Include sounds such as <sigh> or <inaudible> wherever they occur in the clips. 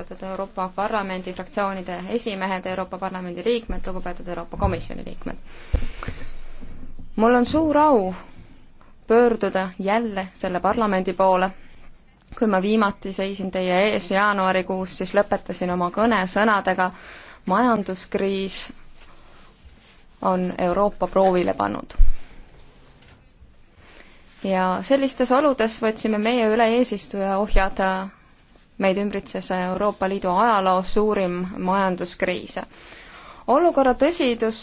austatud Euroopa Parlamendi fraktsioonide esimehed, Euroopa Parlamendi liikmed, lugupeetud Euroopa Komisjoni liikmed. mul on suur au pöörduda jälle selle parlamendi poole. kui ma viimati seisin teie ees jaanuarikuus, siis lõpetasin oma kõne sõnadega majanduskriis on Euroopa proovile pannud ja sellistes oludes võtsime meie üle eesistuja ohjad meid ümbritses Euroopa Liidu ajaloo suurim majanduskriis. olukorra tõsidus,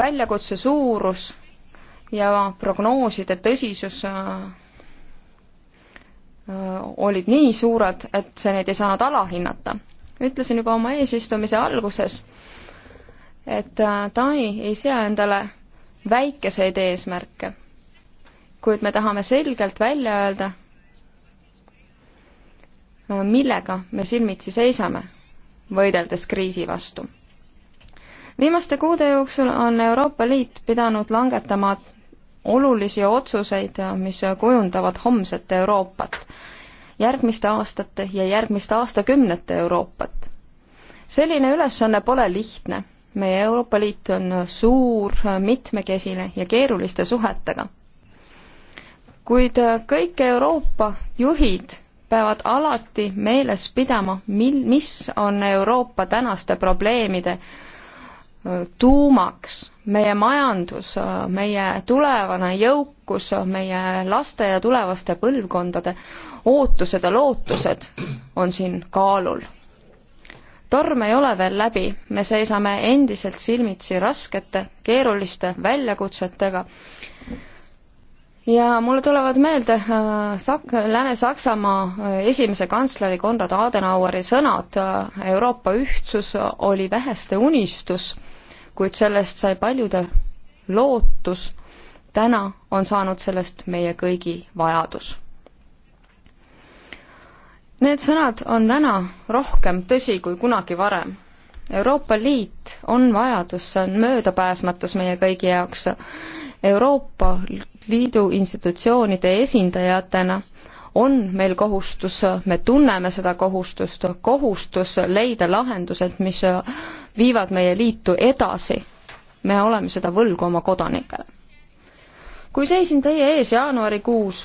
väljakutse suurus ja prognooside tõsisus äh, olid nii suured, et see neid ei saanud alahinnata. ütlesin juba oma eesistumise alguses, et äh, Taani ei sea endale väikeseid eesmärke, kuid me tahame selgelt välja öelda, millega me silmitsi seisame, võideldes kriisi vastu. viimaste kuude jooksul on Euroopa Liit pidanud langetama olulisi otsuseid, mis kujundavad homset Euroopat, järgmiste aastate ja järgmiste aastakümnete Euroopat. selline ülesanne pole lihtne. meie Euroopa Liit on suur, mitmekesine ja keeruliste suhetega. kuid kõik Euroopa juhid peavad alati meeles pidama, mil-, mis on Euroopa tänaste probleemide tuumaks, meie majandus, meie tulevane jõukus, meie laste ja tulevaste põlvkondade ootused ja lootused on siin kaalul. torm ei ole veel läbi, me seisame endiselt silmitsi raskete, keeruliste väljakutsetega ja mulle tulevad meelde äh, Sak-, Lääne-Saksamaa äh, esimese kantsleri Konrad Adenaueri sõnad, äh, Euroopa ühtsus oli väheste unistus, kuid sellest sai paljude lootus, täna on saanud sellest meie kõigi vajadus. Need sõnad on täna rohkem tõsi kui kunagi varem Euroopa Liit on vajadus, see on möödapääsmatus meie kõigi jaoks Euroopa Liidu institutsioonide esindajatena on meil kohustus, me tunneme seda kohustust, kohustus leida lahendused, mis viivad meie liitu edasi. me oleme seda võlgu oma kodanikele. kui seisin teie ees jaanuarikuus,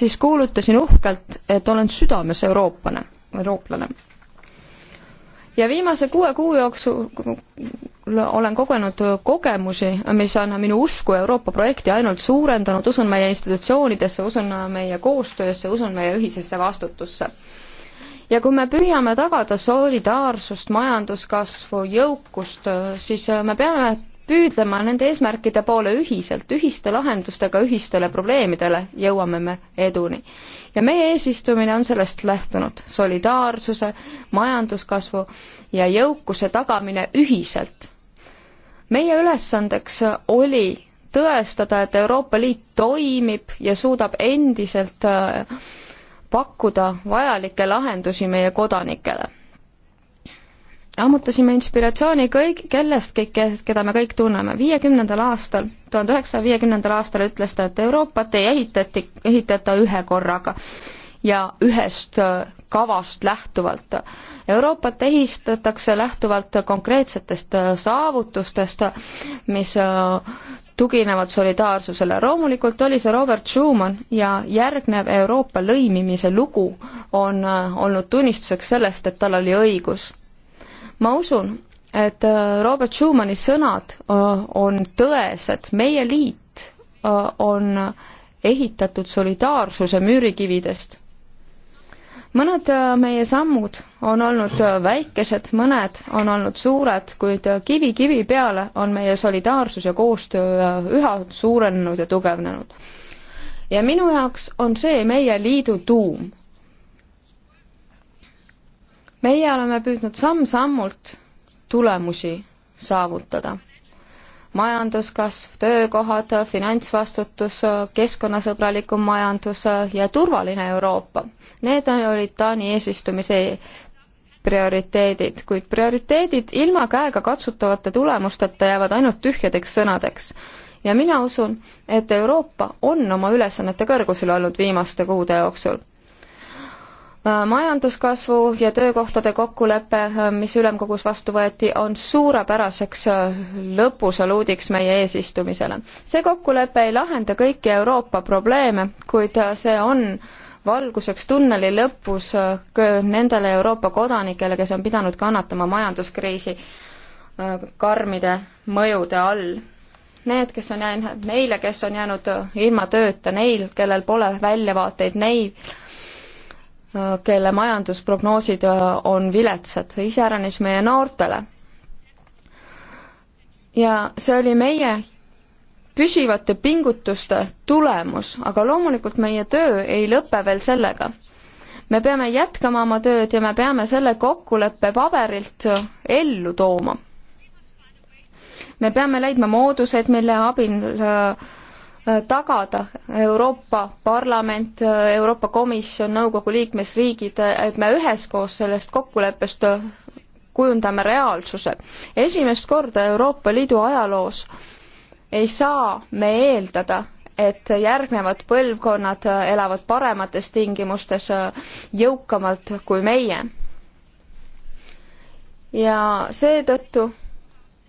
siis kuulutasin uhkelt, et olen südames eurooplane, eurooplane ja viimase kuue kuu jooksul olen kogenud kogemusi, mis on minu usku Euroopa projekti ainult suurendanud, usun meie institutsioonidesse, usun meie koostöösse, usun meie ühisesse vastutusse. ja kui me püüame tagada solidaarsust, majanduskasvu, jõukust, siis me peame püüdlema nende eesmärkide poole ühiselt, ühiste lahendustega ühistele probleemidele jõuame me eduni. ja meie eesistumine on sellest lähtunud, solidaarsuse, majanduskasvu ja jõukuse tagamine ühiselt. meie ülesandeks oli tõestada, et Euroopa Liit toimib ja suudab endiselt äh, pakkuda vajalikke lahendusi meie kodanikele ammutasime inspiratsiooni kõik, kellestki, kes, keda me kõik tunneme. viiekümnendal aastal, tuhande üheksasaja viiekümnendal aastal ütles ta, et Euroopat ei ehitati, ehitata ühe korraga ja ühest äh, kavast lähtuvalt. Euroopat ehistatakse lähtuvalt konkreetsetest äh, saavutustest, mis äh, tuginevad solidaarsusele. loomulikult oli see Robert Schumann ja järgnev Euroopa lõimimise lugu on olnud tunnistuseks sellest, et tal oli õigus ma usun, et äh, Robert Schumani sõnad äh, on tõesed, meie liit äh, on ehitatud solidaarsuse müürikividest. mõned meie sammud on olnud väikesed, mõned on olnud suured, kuid kivi kivi peale on meie solidaarsus ja koostöö üha suurenenud ja tugevnenud. ja minu jaoks on see meie liidu tuum, meie oleme püüdnud samm-sammult tulemusi saavutada. majanduskasv, töökohad, finantsvastutus, keskkonnasõbralikum majandus ja turvaline Euroopa. Need olid Taani eesistumise prioriteedid, kuid prioriteedid ilma käegakatsutavate tulemusteta jäävad ainult tühjadeks sõnadeks. ja mina usun, et Euroopa on oma ülesannete kõrgusel olnud viimaste kuude jooksul. Äh, majanduskasvu ja töökohtade kokkulepe, äh, mis ülemkogus vastu võeti, on suurepäraseks äh, lõpusaluudiks meie eesistumisele. see kokkulepe ei lahenda kõiki Euroopa probleeme, kuid see on valguseks tunneli lõpus nendele Euroopa kodanikele, kes on pidanud kannatama majanduskriisi karmide mõjude all. Need, kes on jäänud, neile, kes on jäänud ilma tööta, neil, kellel pole väljavaateid, neil, kelle majandusprognoosid äh, on viletsad, iseäranis meie noortele. ja see oli meie püsivate pingutuste tulemus, aga loomulikult meie töö ei lõpe veel sellega. me peame jätkama oma tööd ja me peame selle kokkuleppe paberilt ellu tooma. me peame leidma mooduseid, mille abil äh, Äh, tagada Euroopa Parlament, äh, Euroopa Komisjon, nõukogu liikmesriigid, et me üheskoos sellest kokkuleppest äh, kujundame reaalsuse. esimest korda Euroopa Liidu ajaloos ei saa me eeldada, et järgnevad põlvkonnad elavad paremates tingimustes jõukamalt kui meie. ja seetõttu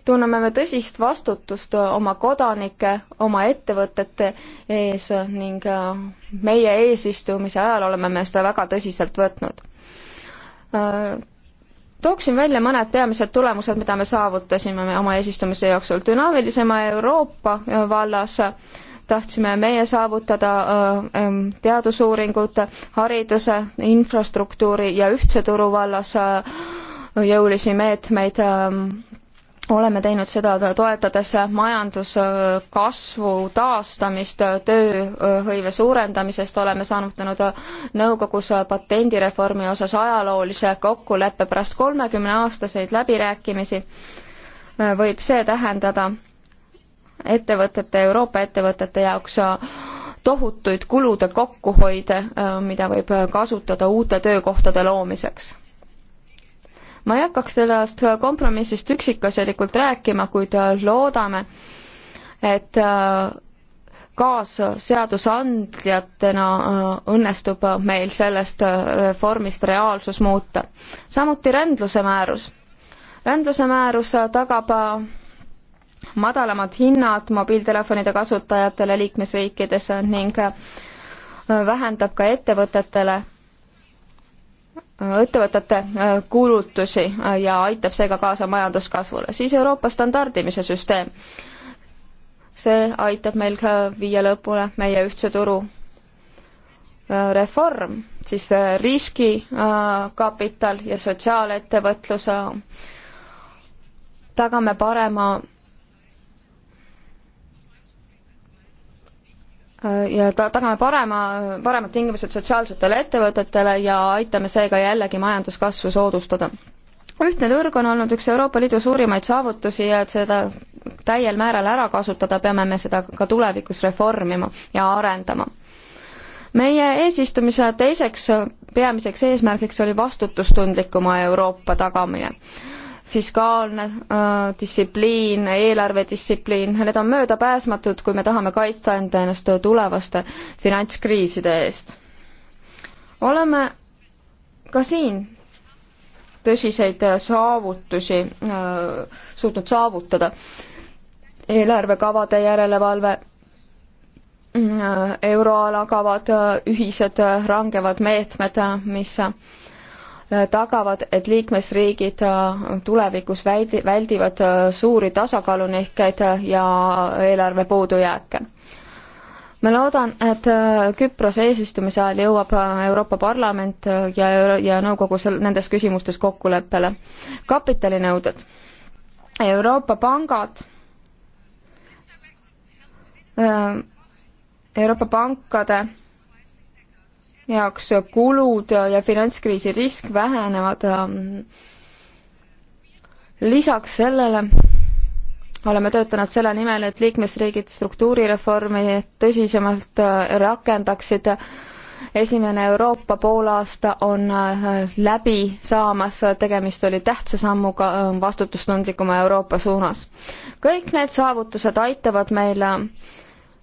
tunneme me tõsist vastutust äh, oma kodanike, oma ettevõtete ees ning äh, meie eesistumise ajal oleme me seda väga tõsiselt võtnud. Äh, tooksin välja mõned peamised tulemused, mida me saavutasime me oma eesistumise jooksul. dünaamilisema Euroopa vallas tahtsime meie saavutada ähm, teadusuuringute, hariduse, infrastruktuuri ja ühtse turu vallas jõulisi meetmeid ähm, oleme teinud seda toetades majanduskasvu taastamist, tööhõive suurendamisest, oleme saavutanud nõukogus patendireformi osas ajaloolise kokkuleppe pärast kolmekümneaastaseid läbirääkimisi. võib see tähendada ettevõtete, Euroopa ettevõtete jaoks tohutuid kulude kokkuhoide, mida võib kasutada uute töökohtade loomiseks ma ei hakkaks sellest kompromissist üksikasjalikult rääkima, kuid äh, loodame, et äh, kaasseadusandjatena äh, õnnestub meil sellest reformist reaalsus muuta. samuti rändluse määrus. rändluse määrus tagab madalamad hinnad mobiiltelefonide kasutajatele liikmesriikides ning vähendab ka ettevõtetele ettevõtete äh, kulutusi äh, ja aitab seega kaasa majanduskasvule. siis Euroopa standardimise süsteem. see aitab meil ka viia lõpule meie ühtse turu äh, reform, siis riskikapital ja sotsiaalettevõtlus tagame parema ja ta-, tagame parema, paremad tingimused sotsiaalsetele ettevõtetele ja aitame seega jällegi majanduskasvu soodustada. ühtne turg on olnud üks Euroopa Liidu suurimaid saavutusi ja et seda täiel määral ära kasutada, peame me seda ka tulevikus reformima ja arendama. meie eesistumise teiseks peamiseks eesmärgiks oli vastutustundlikuma Euroopa tagamine fiskaalne äh, distsipliin, eelarvedistsipliin, need on möödapääsmatud, kui me tahame kaitsta enda ennast tulevaste finantskriiside eest. oleme ka siin tõsiseid saavutusi äh, suutnud saavutada. eelarvekavade järelevalve äh,, euroala kavad, äh, ühised äh, rangevad meetmed, äh, mis tagavad, et liikmesriigid äh, tulevikus väldi-, väldivad äh, suuri tasakaalunihkeid äh, ja eelarve puudujääke. ma loodan, et Küprose eesistumise ajal jõuab Euroopa Parlament ja, ja nõukogu seal nendes küsimustes kokkuleppele. kapitalinõuded. Euroopa pangad Euroopa pankade jaoks kulud ja finantskriisi risk vähenevad. lisaks sellele oleme töötanud selle nimel, et liikmesriigid struktuurireformi tõsisemalt rakendaksid. esimene Euroopa poolaasta on läbi saamas, tegemist oli tähtsa sammuga vastutustundlikuma Euroopa suunas. kõik need saavutused aitavad meil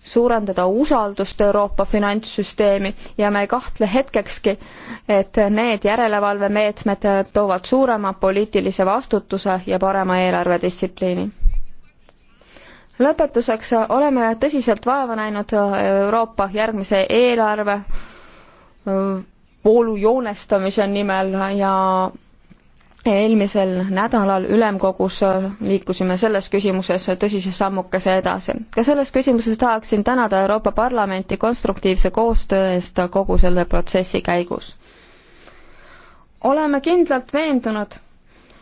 suurendada usaldust Euroopa finantssüsteemi ja me ei kahtle hetkekski, et need järelevalvemeetmed toovad suurema poliitilise vastutuse ja parema eelarvedistsipliini. lõpetuseks oleme tõsiselt vaeva näinud Euroopa järgmise eelarve voolu joonestamise nimel ja eelmisel nädalal ülemkogus äh, liikusime selles küsimuses tõsise sammukese edasi. ka selles küsimuses tahaksin tänada Euroopa Parlamenti konstruktiivse koostöö eest kogu selle protsessi käigus. oleme kindlalt veendunud,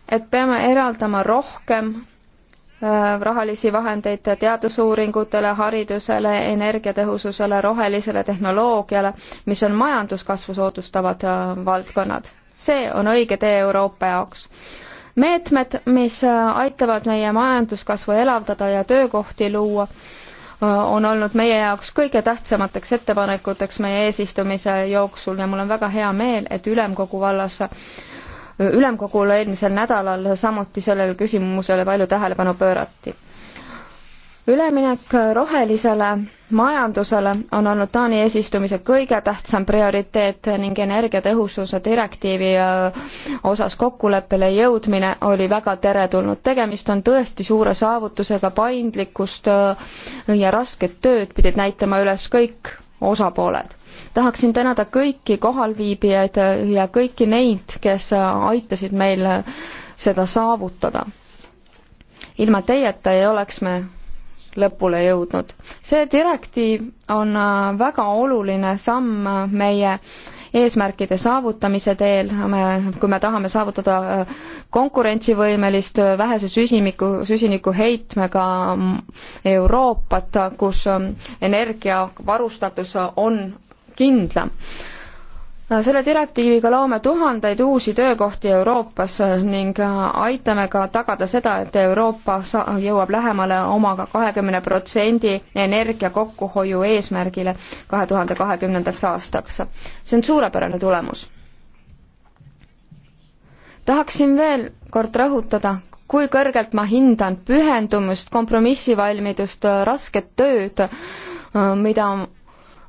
et peame eraldama rohkem äh, rahalisi vahendeid teadusuuringutele, haridusele, energiatõhususele, rohelisele tehnoloogiale, mis on majanduskasvu soodustavad äh, valdkonnad see on õige tee Euroopa jaoks. meetmed, mis äh, aitavad meie majanduskasvu elavdada ja töökohti luua, äh, on olnud meie jaoks kõige tähtsamateks ettepanekuteks meie eesistumise jooksul ja mul on väga hea meel, et ülemkogu vallas ülemkogul eelmisel nädalal samuti sellele küsimusele palju tähelepanu pöörati üleminek rohelisele majandusele on olnud Taani eesistumise kõige tähtsam prioriteet ning energiatõhususe direktiivi äh, osas kokkuleppele jõudmine oli väga teretulnud. tegemist on tõesti suure saavutusega, paindlikkust äh, ja rasket tööd pidid näitama üles kõik osapooled. tahaksin tänada kõiki kohalviibijaid äh, ja kõiki neid, kes aitasid meil seda saavutada. ilma teieta ei oleks me lõpule jõudnud. see direktiiv on äh, väga oluline samm äh, meie eesmärkide saavutamise teel, me, kui me tahame saavutada äh, konkurentsivõimelist vähese süsiniku, süsinikuheitmega mm, Euroopat, kus energiavarustatus on kindlam selle direktiiviga loome tuhandeid uusi töökohti Euroopas ning aitame ka tagada seda, et Euroopa jõuab lähemale oma kahekümne protsendi energia kokkuhoiu eesmärgile kahe tuhande kahekümnendaks aastaks. see on suurepärane tulemus. tahaksin veel kord rõhutada, kui kõrgelt ma hindan pühendumust, kompromissivalmidust, rasket tööd, mida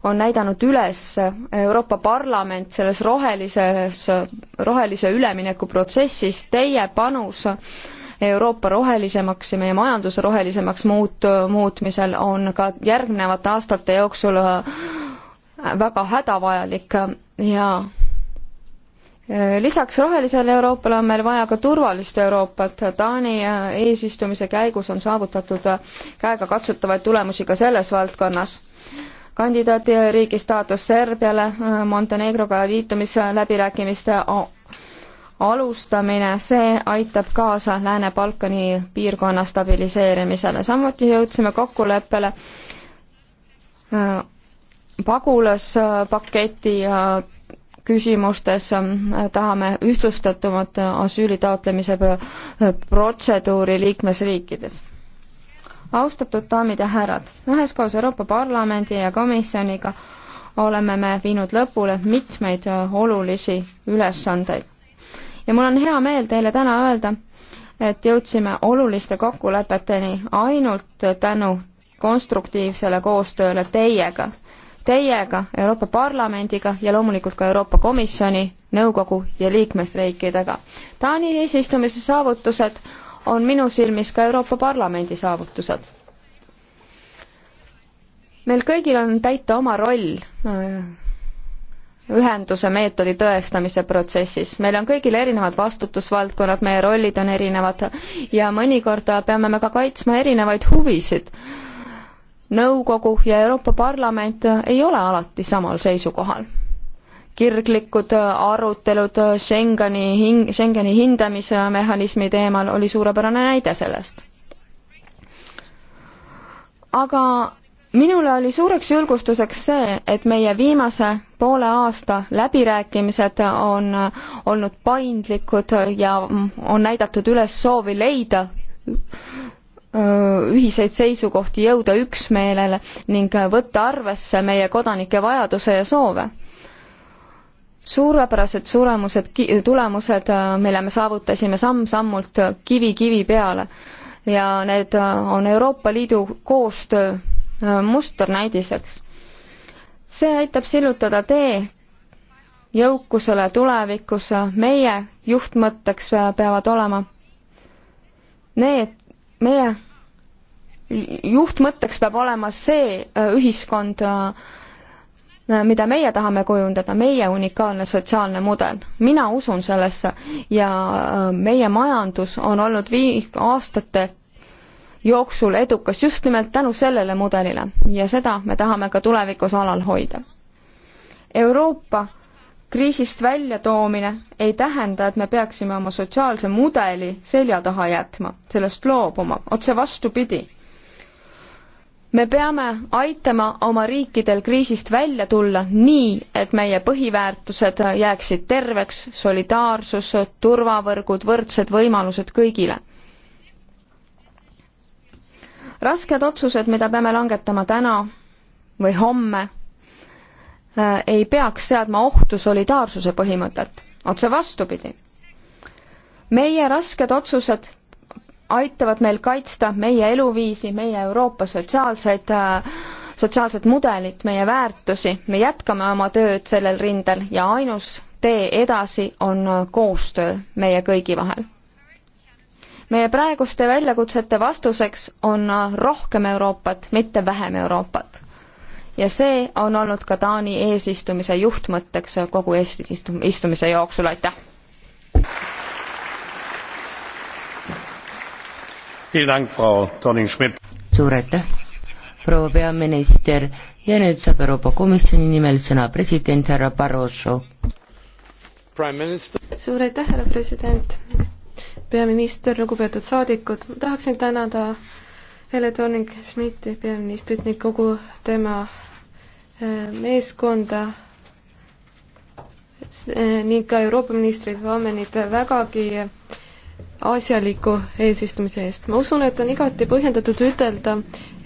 on näidanud üles Euroopa Parlament selles rohelises, rohelise ülemineku protsessis, teie panus Euroopa rohelisemaks ja meie majanduse rohelisemaks muut-, muutmisel on ka järgnevate aastate jooksul väga hädavajalik ja lisaks rohelisele Euroopale on meil vaja ka turvalist Euroopat. Taani eesistumise käigus on saavutatud käegakatsutavaid tulemusi ka selles valdkonnas kandidaatriigi staatus Serbiale, Montenegroga liitumisläbirääkimiste alustamine, see aitab kaasa Lääne-Balkani piirkonna stabiliseerimisele. samuti jõudsime kokkuleppele äh, pagulaspaketi äh, küsimustes äh, tahame ühtlustatumat asüüli taotlemise protseduuri liikmesriikides austatud daamid ja härrad, üheskoos Euroopa Parlamendi ja komisjoniga oleme me viinud lõpule mitmeid äh, olulisi ülesandeid. ja mul on hea meel teile täna öelda, et jõudsime oluliste kokkulepeteni ainult tänu konstruktiivsele koostööle teiega. Teiega, Euroopa Parlamendiga ja loomulikult ka Euroopa Komisjoni, nõukogu ja liikmesriikidega. Taani eesistumise saavutused on minu silmis ka Euroopa Parlamendi saavutused. meil kõigil on täita oma roll äh, ühenduse meetodi tõestamise protsessis. meil on kõigil erinevad vastutusvaldkonnad, meie rollid on erinevad ja mõnikord peame me ka kaitsma erinevaid huvisid. nõukogu ja Euroopa Parlament ei ole alati samal seisukohal kirglikud arutelud Schengeni hing-, Schengeni hindamise mehhanismi teemal oli suurepärane näide sellest. aga minule oli suureks julgustuseks see, et meie viimase poole aasta läbirääkimised on olnud paindlikud ja on näidatud üles soovi leida ühiseid seisukohti, jõuda üksmeelele ning võtta arvesse meie kodanike vajaduse ja soove suurepärased suremused, tulemused, äh, mille me saavutasime samm-sammult kivi kivi peale. ja need äh, on Euroopa Liidu koostöö äh, musternäidiseks. see aitab sillutada tee jõukusele tulevikus, meie juhtmõtteks peavad olema need, meie juhtmõtteks peab olema see ühiskond, mida meie tahame kujundada, meie unikaalne sotsiaalne mudel. mina usun sellesse ja äh, meie majandus on olnud vii-, aastate jooksul edukas just nimelt tänu sellele mudelile ja seda me tahame ka tulevikus alal hoida. Euroopa kriisist väljatoomine ei tähenda, et me peaksime oma sotsiaalse mudeli selja taha jätma, sellest loobuma, otse vastupidi me peame aitama oma riikidel kriisist välja tulla nii, et meie põhiväärtused jääksid terveks, solidaarsus, turvavõrgud, võrdsed võimalused kõigile. rasked otsused, mida peame langetama täna või homme, äh, ei peaks seadma ohtu solidaarsuse põhimõtet, otse vastupidi. meie rasked otsused aitavad meil kaitsta meie eluviisi, meie Euroopa sotsiaalseid sotsiaalset mudelit, meie väärtusi, me jätkame oma tööd sellel rindel ja ainus tee edasi on koostöö meie kõigi vahel. meie praeguste väljakutsete vastuseks on rohkem Euroopat, mitte vähem Euroopat. ja see on olnud ka Taani eesistumise juhtmõtteks kogu Eesti istumise jooksul, aitäh! suur aitäh, proua peaminister ja nüüd saab Euroopa Komisjoni nimel sõna president härra Barroso. suur aitäh, härra president, peaminister, lugupeetud saadikud, ma tahaksin tänada Hele Torning-Schmidti, peaministrit ning kogu tema äh, meeskonda äh, ning ka Euroopa ministrid Vamenit vägagi asjaliku eesistumise eest. ma usun, et on igati põhjendatud ütelda,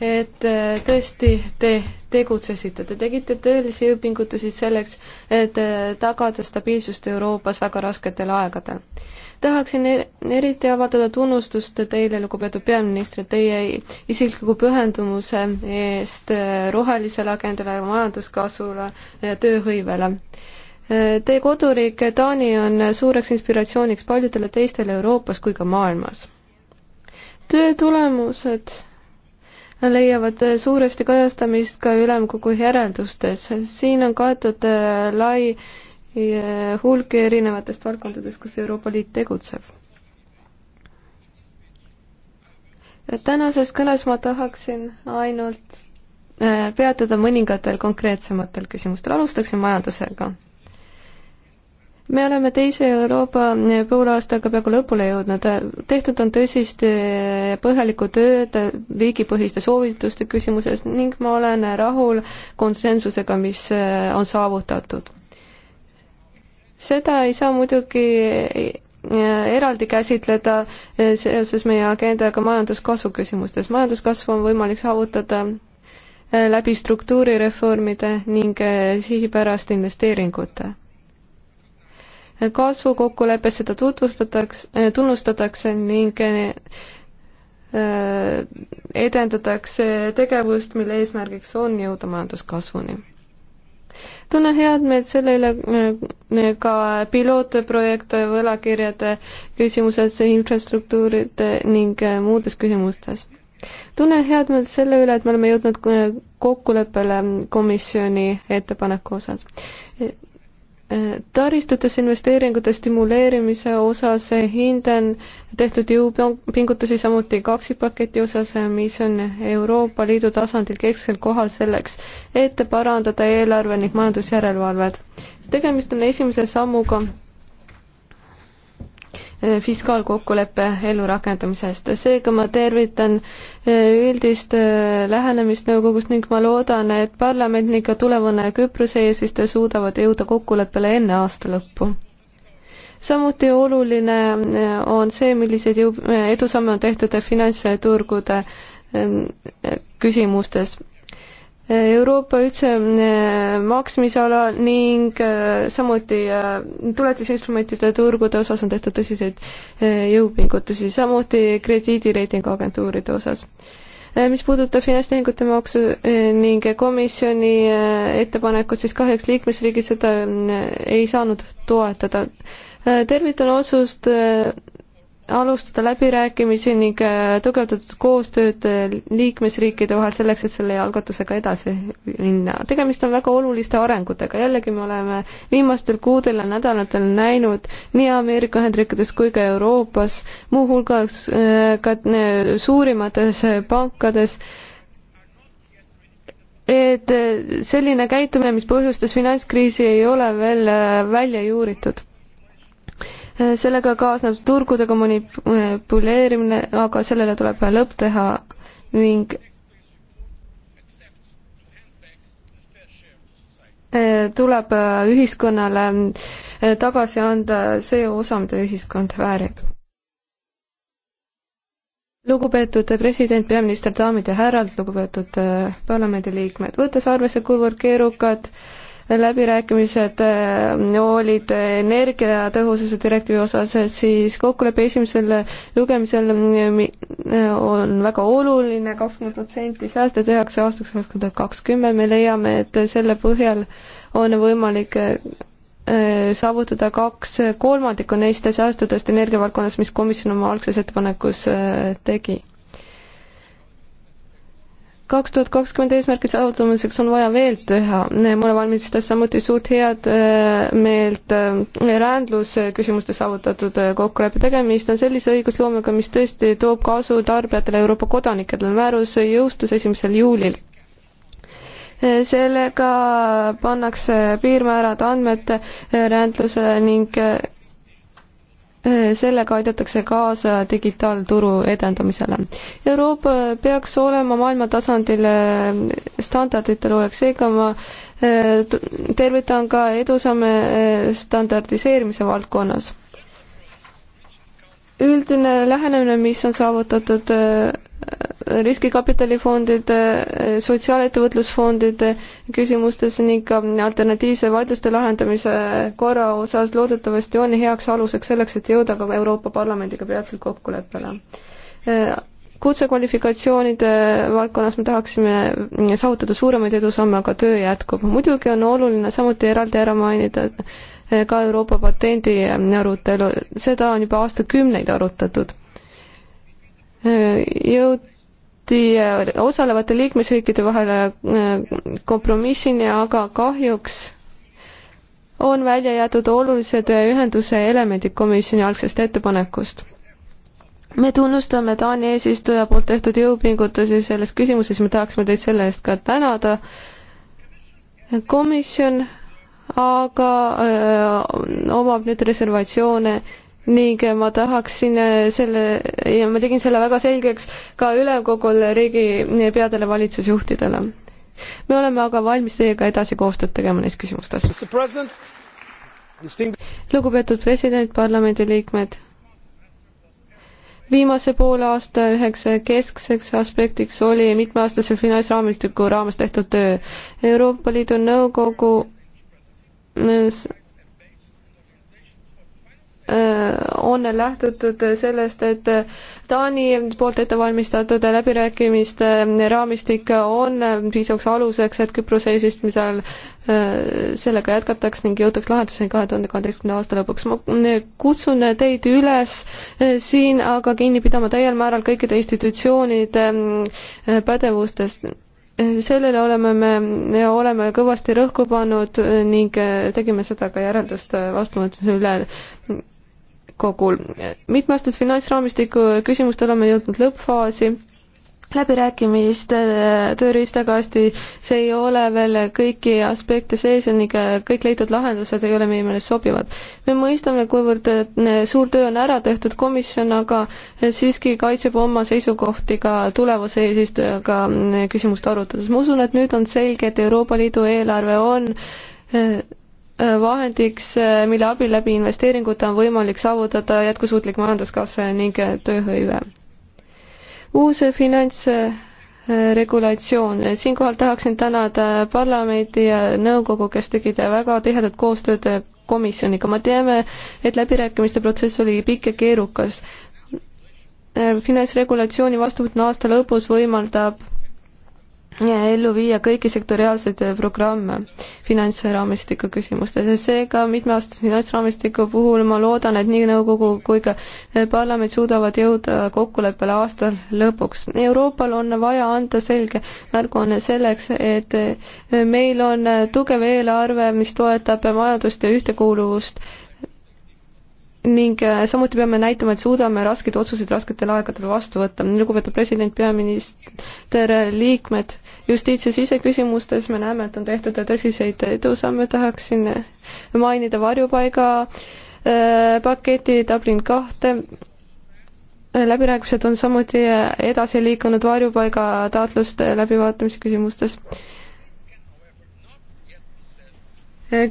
et äh, tõesti te tegutsesite, te tegite tõelisi jõupingutusi selleks, et äh, tagada stabiilsust Euroopas väga rasketel aegadel. tahaksin er-, eriti avaldada tunnustust teile, lugupeetud peaminister, teie isikliku pühendumuse eest äh, rohelisele agendale, majanduskasvule ja tööhõivele Äh, teie koduriik Taani on suureks inspiratsiooniks paljudele teistele Euroopas kui ka maailmas. töö tulemused leiavad suuresti kajastamist ka ülemkogu järeldustes, siin on kaetud äh, lai äh, hulk erinevatest valdkondadest, kus Euroopa Liit tegutseb. tänases kõnes ma tahaksin ainult peatuda mõningatel konkreetsematel küsimustel, alustaksin majandusega me oleme teise Euroopa poolaastaga peaaegu lõpule jõudnud, tehtud on tõsist põhjalikku tööd riigipõhiste soovituste küsimuses ning ma olen rahul konsensusega, mis on saavutatud. seda ei saa muidugi eraldi käsitleda seoses meie agendaga majanduskasvu küsimustes, majanduskasvu on võimalik saavutada läbi struktuurireformide ning sihipäraste investeeringute kasvukokkuleppes seda tutvustatakse, eh, tunnustatakse ning eh, edendatakse tegevust, mille eesmärgiks on jõuda majanduskasvuni. tunnen head meelt selle üle eh, ka pilootprojekte, võlakirjade küsimuses, infrastruktuuride ning muudes küsimustes. tunnen head meelt selle üle, et me oleme jõudnud kokkuleppele komisjoni ettepaneku osas taristutesse investeeringute stimuleerimise osas hindan tehtud jõupingutusi samuti kaksipaketi osas, mis on Euroopa Liidu tasandil kesksel kohal selleks, et parandada eelarve ning majandusjärelevalved. tegemist on esimese sammuga fiskaalkokkuleppe ellurakendamisest. seega ma tervitan e, üldist e, lähenemist nõukogust ning ma loodan, et parlament ning ka tulevane Küprose eesistuja suudavad jõuda kokkuleppele enne aasta lõppu samuti oluline e, on see, milliseid jõu-, edusamme on tehtud finantsturgude küsimustes. Euroopa üldse äh, maksmisala ning äh, samuti äh, tuletisinstrumentide turgude osas on tehtud tõsiseid jõupingutusi, samuti krediidireitinguagentuuride osas. mis puudutab finantstehingute maksu ning komisjoni ettepanekut, siis kahjuks liikmesriigid seda ei saanud toetada. tervitan otsust alustada läbirääkimisi ning äh, tugevdatud koostööd äh, liikmesriikide vahel selleks, et selle algatusega edasi minna. tegemist on väga oluliste arengutega, jällegi me oleme viimastel kuudel ja nädalatel näinud nii Ameerika Ühendriikides kui ka Euroopas, muuhulgas äh, ka suurimates pankades, et selline käitumine, mis põhjustas finantskriisi, ei ole veel välja juuritud Äh, sellega kaasneb turgudega manipuleerimine, äh, aga sellele tuleb lõpp teha ning äh, tuleb ühiskonnale tagasi anda see osa, mida ühiskond väärib. lugupeetud president, peaminister, daamid ja härrad, lugupeetud parlamendiliikmed, võttes arvesse, kuivõrd keerukad äh, läbirääkimised äh, olid energiatõhususe direktiivi osas, siis kokkulepe esimesel lugemisel on väga oluline, kakskümmend protsenti sääste tehakse aastaks kaks tuhat kakskümmend, me leiame, et selle põhjal on võimalik äh, saavutada kaks kolmandikku neist säästudest energiavaldkonnas, mis komisjon oma algses ettepanekus äh, tegi kaks tuhat kakskümmend eesmärkide saavutamiseks on vaja veel teha. mulle valmistas samuti suurt head äh, meelt äh, rändlusküsimuste saavutatud äh, kokkuleppe tegemist on sellise õigusloomega, mis tõesti toob kasu tarbijatele, Euroopa kodanikele. määrus jõustus esimesel juulil. sellega pannakse piirmäärad andmete rändluse ning sellega aidatakse kaasa digitaalturu edendamisele. Euroopa peaks olema maailma tasandil eh, standardite loojaks, seega ma eh, tervitan ka edusamme eh, standardiseerimise valdkonnas üldine lähenemine, mis on saavutatud äh, riskikapitalifondide, äh, sotsiaalettevõtlusfondide küsimustes ning ka alternatiivse vaidluste lahendamise korra osas loodetavasti on heaks aluseks selleks, et jõuda ka Euroopa Parlamendiga peatselt kokkuleppele. Äh, kutsekvalifikatsioonide valdkonnas me tahaksime saavutada suuremaid edusamme, aga töö jätkub. muidugi on oluline samuti eraldi ära mainida ka Euroopa patendi arutelu, seda on juba aastakümneid arutatud. jõuti osalevate liikmesriikide vahele äh, kompromissini, aga kahjuks on välja jäetud olulised ühenduse elemendid komisjoni algsest ettepanekust. me tunnustame Taani eesistuja poolt tehtud jõupingutusi selles küsimuses, me tahaksime teid selle eest ka tänada. komisjon aga öö, äh, omab nüüd reservatsioone ning ma tahaksin äh, selle ja ma tegin selle väga selgeks ka ülemkogule riigi peadele valitsusjuhtidele. me oleme aga valmis teiega edasi koostööd tegema neis küsimustes. lugupeetud president, parlamendiliikmed viimase poole aasta üheks keskseks aspektiks oli mitmeaastase finantsraamistiku raames tehtud töö. Euroopa Liidu Nõukogu Äh, on lähtutud sellest, et Taani poolt ettevalmistatud läbirääkimiste raamistik on piisavaks aluseks, et Küprose eesistumise ajal äh, sellega jätkataks ning jõutaks lahenduseni kahe tuhande kaheteistkümne aasta lõpuks. ma kutsun teid üles äh, siin aga kinni pidama täiel määral kõikide institutsioonide pädevustest sellele oleme me, oleme kõvasti rõhku pannud ning äh, tegime seda ka järelduste vastuvõtmise üle kogul. mitmeaastase finantsraamistiku küsimustel oleme jõudnud lõppfaasi läbirääkimiste äh, tööriistakasti, see ei ole veel kõiki aspekte sees ning kõik leitud lahendused ei ole meie meelest sobivad. me mõistame, kuivõrd äh, suur töö on ära tehtud, komisjon aga äh, siiski kaitseb oma seisukohti ka tulevase eesistujaga küsimust arutades. ma usun, et nüüd on selge, et Euroopa Liidu eelarve on vahendiks, mille abil läbi investeeringute on võimalik saavutada jätkusuutlik majanduskasv ning tööhõive uus finantsregulatsioon, siinkohal tahaksin tänada parlamendi ja nõukogu, kes tegid väga tihedat koostööd komisjoniga, me teame, et läbirääkimiste protsess oli pikk ja keerukas. finantsregulatsiooni vastuvõtmine aasta lõpus võimaldab ellu viia kõiki sektoriaalseid programme finantsraamistiku küsimustes ja seega mitmeaastase finantsraamistiku puhul ma loodan, et nii nõukogu kui ka parlament suudavad jõuda kokkuleppele aasta lõpuks. Euroopal on vaja anda selge märguanne selleks, et meil on tugev eelarve, mis toetab majandust ja ühtekuuluvust ning samuti peame näitama, et suudame raskeid otsuseid rasketel aegadel vastu võtta. lugupeetud president, peaminister, liikmed justiits- ja siseküsimustes me näeme, et on tehtud tõsiseid edusamme, tahaksin mainida varjupaiga äh, paketi Dublin kahte, läbirääkimised on samuti edasi liikunud varjupaiga taotluste läbivaatamise küsimustes.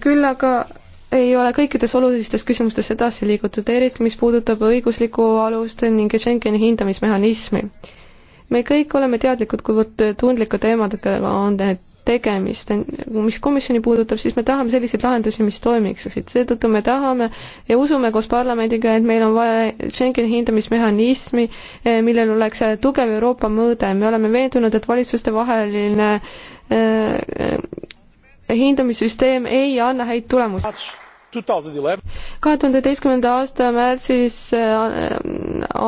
küll aga ei ole kõikides olulistes küsimustes edasi liigutud, eriti mis puudutab õiguslikku alust ning Schengeni hindamismehhanismi me kõik oleme teadlikud, kuivõrd tundlike teemadega on tegemist, mis komisjoni puudutab, siis me tahame selliseid lahendusi, mis toimiksid, seetõttu me tahame ja usume koos parlamendiga, et meil on vaja Schengeni hindamismehhanismi, eh, millel oleks tugev Euroopa mõõde, me oleme veendunud, et valitsustevaheline eh, eh, hindamissüsteem ei anna häid tulemusi kahe tuhande üheteistkümnenda aasta märtsis äh,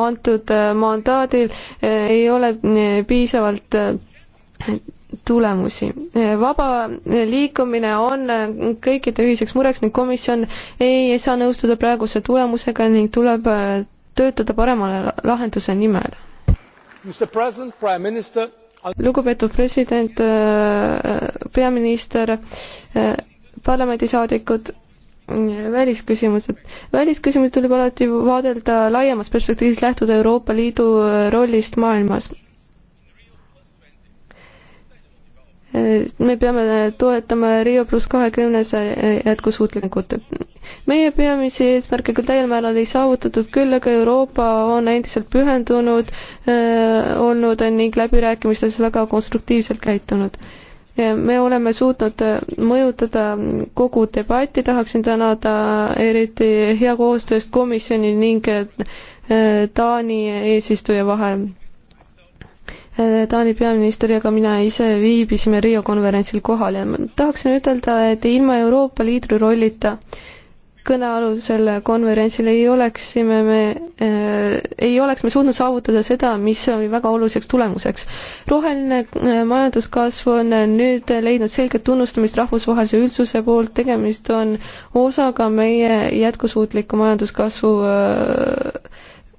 antud äh, mandaadil äh, ei ole piisavalt tulemusi. vaba liikumine on kõikide ühiseks mureks ning komisjon ei saa nõustuda praeguse tulemusega ning tuleb töötada paremale lahenduse nimel. lugupeetud president, peaminister, parlamendisaadikud välisküsimused. välisküsimusi tuleb alati vaadelda laiemas perspektiivis, lähtuda Euroopa Liidu äh, rollist maailmas. Äh, me peame äh, toetama Rio pluss kahekümnese jätkusuutlikkut. meie peamisi eesmärke küll täiel määral ei saavutatud, küll aga Euroopa on endiselt pühendunud öö, olnud ning läbirääkimistes väga konstruktiivselt käitunud me oleme suutnud äh, mõjutada kogu debatti, tahaksin tänada eriti hea koostööst komisjoni ning äh, Taani eesistuja vahel. Äh, Taani peaminister ja ka mina ise viibisime Riio konverentsil kohal ja tahaksin ütelda, et ilma Euroopa Liidu rollita äh, kõnealusel konverentsil ei oleksime me äh,, ei oleks me suutnud saavutada seda, mis oli väga oluliseks tulemuseks. roheline äh, majanduskasv on nüüd leidnud selget tunnustamist rahvusvahelise üldsuse poolt, tegemist on osaga meie jätkusuutliku majanduskasvu äh,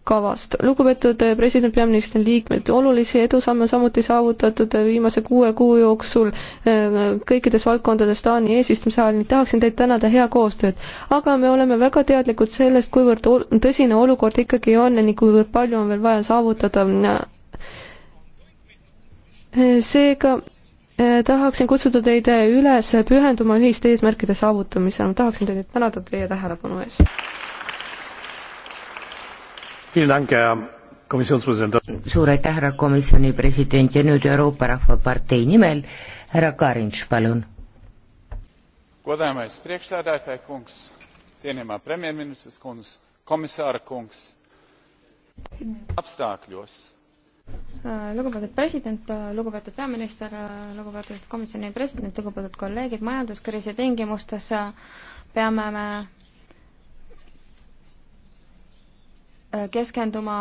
kavast. lugupeetud eh, president, peaminister, liikmed, olulisi edusamme on samuti saavutatud eh, viimase kuue kuu jooksul eh, kõikides valdkondades Taani eesistumise ajal ning tahaksin teid tänada hea koostööd. aga me oleme väga teadlikud sellest, kuivõrd tõsine olukord ikkagi on ning kuivõrd palju on veel vaja saavutada. seega tahaksin kutsuda teid üles pühenduma ühiste eesmärkide saavutamisele, tahaksin teid tänada teie tähelepanu eest suur aitäh, härra komisjoni president ja nüüd Euroopa Rahvapartei nimel härra Karinš, palun. godājamais priekšsēdētāja kungs, cienījamā premjerministras kungs, komisāra kungs, apstākļos lugupeetud president, lugupeetud peaminister, lugupeetud komisjoni president, lugupeetud kolleegid, majanduskriisi tingimustes peame me keskenduma,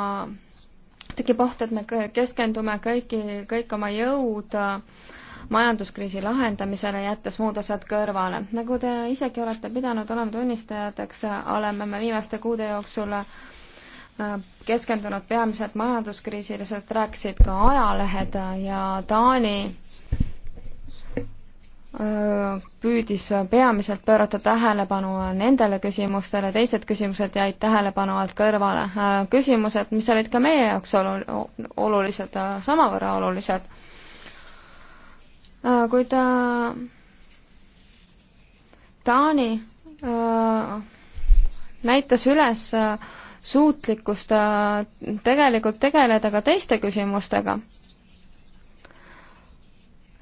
tekib oht, et me keskendume kõiki, kõik oma jõud äh, majanduskriisi lahendamisele, jättes muud asjad kõrvale. nagu te isegi olete pidanud olema tunnistajateks, äh, oleme me viimaste kuude jooksul äh, keskendunud peamiselt majanduskriisile, sealt rääkisid ka ajalehed ja Taani püüdis peamiselt pöörata tähelepanu nendele küsimustele, teised küsimused jäid tähelepanu alt kõrvale. küsimused, mis olid ka meie jaoks olu-, olulised, samavõrra olulised. kuid ta... Taani näitas üles suutlikkust tegelikult tegeleda ka teiste küsimustega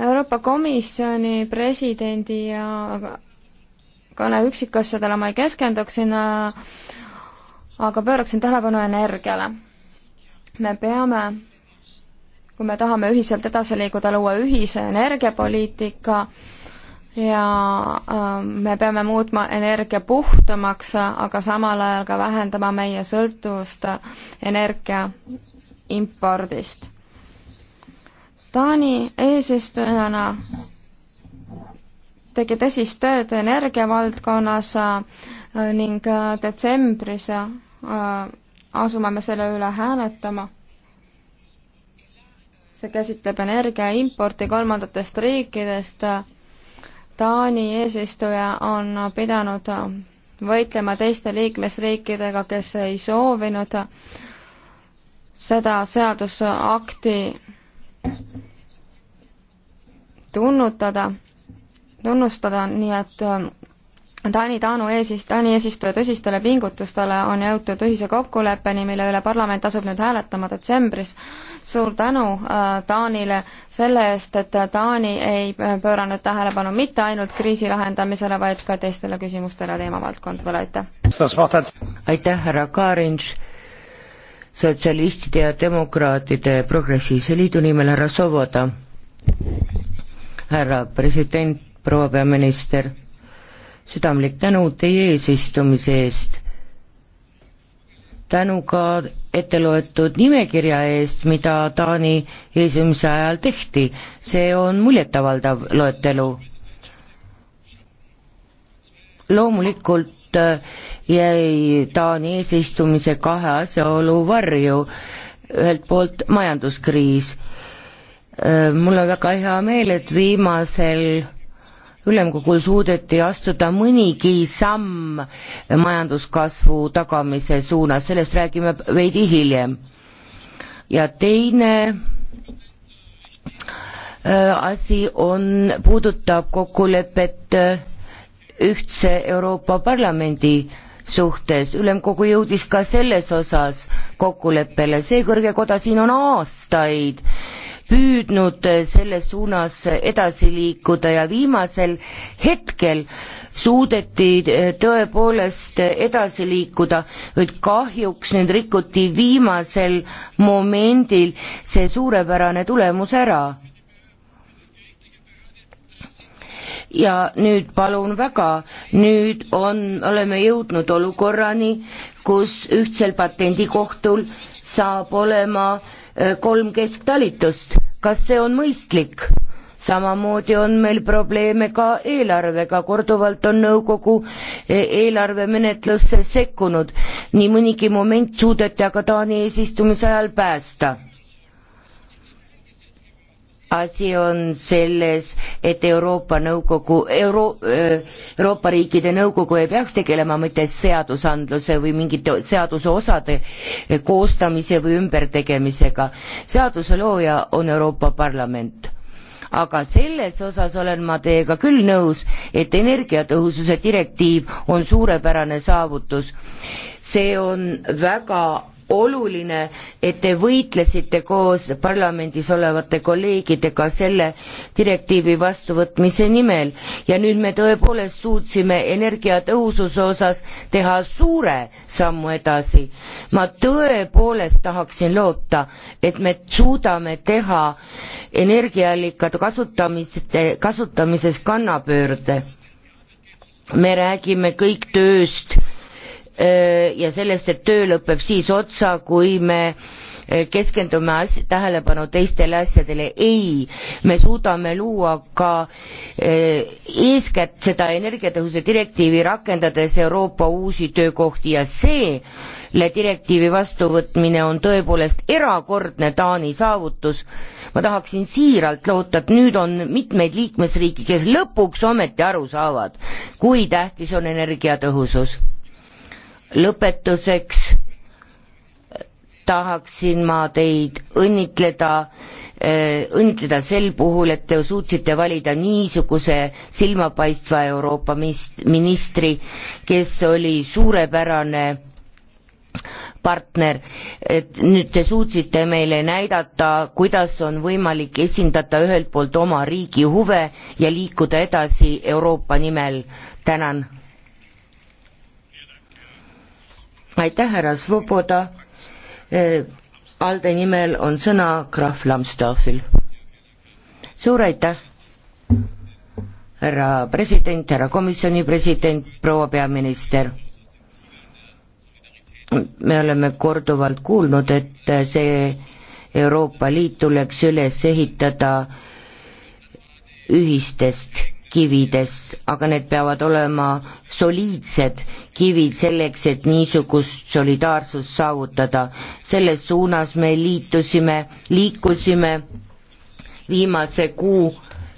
Euroopa Komisjoni presidendi ja Kane üksikasjadele ma ei keskenduksin, aga pööraksin tähelepanu energiale. me peame, kui me tahame ühiselt edasi liikuda, luua ühise energiapoliitika, ja äh, me peame muutma energia puhtamaks, aga samal ajal ka vähendama meie sõltuvust energia impordist. Taani eesistujana tegi tõsist tööd energiavaldkonnas äh, ning äh, detsembris äh, asume me selle üle hääletama. see käsitleb energia importi kolmandatest riikidest. Taani eesistuja on pidanud võitlema teiste liikmesriikidega, kes ei soovinud seda seadusakti tunnutada, tunnustada, nii et ähm, Taani Taanu eesist-, Taani eesistuja tõsistele pingutustele on jõutud ühise kokkuleppeni, mille üle parlament asub nüüd hääletama detsembris. suur tänu äh, Taanile selle eest, et Taani ei pööranud tähelepanu mitte ainult kriisi lahendamisele, vaid ka teistele küsimustele ja teemavaldkondadele, aitäh! aitäh, härra Karinš! sotsialistide ja demokraatide progressiivse liidu nimel härra Sovoda. härra president, proua peaminister, südamlik tänu teie eesistumise eest. tänu ka ette loetud nimekirja eest, mida Taani eesistumise ajal tehti. see on muljetavaldav loetelu. loomulikult tegelikult jäi Taani eesistumise kahe asjaolu varju, ühelt poolt majanduskriis. Äh, mul on väga hea meel, et viimasel ülemkogul suudeti astuda mõnigi samm majanduskasvu tagamise suunas, sellest räägime veidi hiljem. ja teine äh, asi on, puudutab kokkulepet äh, ühtse Euroopa Parlamendi suhtes, ülemkogu jõudis ka selles osas kokkuleppele, see kõrge koda siin on aastaid püüdnud selles suunas edasi liikuda ja viimasel hetkel suudeti tõepoolest edasi liikuda, kuid kahjuks nüüd rikuti viimasel momendil see suurepärane tulemus ära ja nüüd palun väga, nüüd on, oleme jõudnud olukorrani, kus ühtsel patendikohtul saab olema äh, kolm kesktalitust, kas see on mõistlik? samamoodi on meil probleeme ka eelarvega, korduvalt on nõukogu äh, eelarvemenetlusse sekkunud, nii mõnigi moment suudeti aga Taani eesistumise ajal päästa asi on selles, et Euroopa Nõukogu, Euro-, Euroopa riikide nõukogu ei peaks tegelema mitte seadusandluse või mingite seaduse osade koostamise või ümbertegemisega. seaduselooja on Euroopa Parlament aga selles osas olen ma teiega küll nõus, et energiatõhususe direktiiv on suurepärane saavutus. see on väga oluline, et te võitlesite koos parlamendis olevate kolleegidega selle direktiivi vastuvõtmise nimel ja nüüd me tõepoolest suutsime energiatõhususe osas teha suure sammu edasi. ma tõepoolest tahaksin loota, et me suudame teha energiaallikate kasutamist, kasutamises kannapöörde me räägime kõik tööst Äh, ja sellest, et töö lõpeb siis otsa, kui me äh, keskendume as-, tähelepanu teistele asjadele, ei, me suudame luua ka äh, eeskätt seda energiatõhususe direktiivi rakendades Euroopa uusi töökohti ja selle direktiivi vastuvõtmine on tõepoolest erakordne Taani saavutus. ma tahaksin siiralt loota, et nüüd on mitmeid liikmesriike, kes lõpuks ometi aru saavad, kui tähtis on energiatõhusus lõpetuseks tahaksin ma teid õnnitleda, eh, õnnitleda sel puhul, et te suutsite valida niisuguse silmapaistva Euroopa ministri, kes oli suurepärane partner, et nüüd te suutsite meile näidata, kuidas on võimalik esindada ühelt poolt oma riigi huve ja liikuda edasi Euroopa nimel. tänan aitäh, härra Svoboda. Eh, ALDE nimel on sõna krahv Lambsdorffil. suur aitäh, härra president, härra komisjoni president, proua peaminister. me oleme korduvalt kuulnud, et see Euroopa Liit tuleks üles ehitada ühistest kividest, aga need peavad olema soliidsed kivid selleks, et niisugust solidaarsust saavutada. selles suunas me liitusime, liikusime viimase kuu,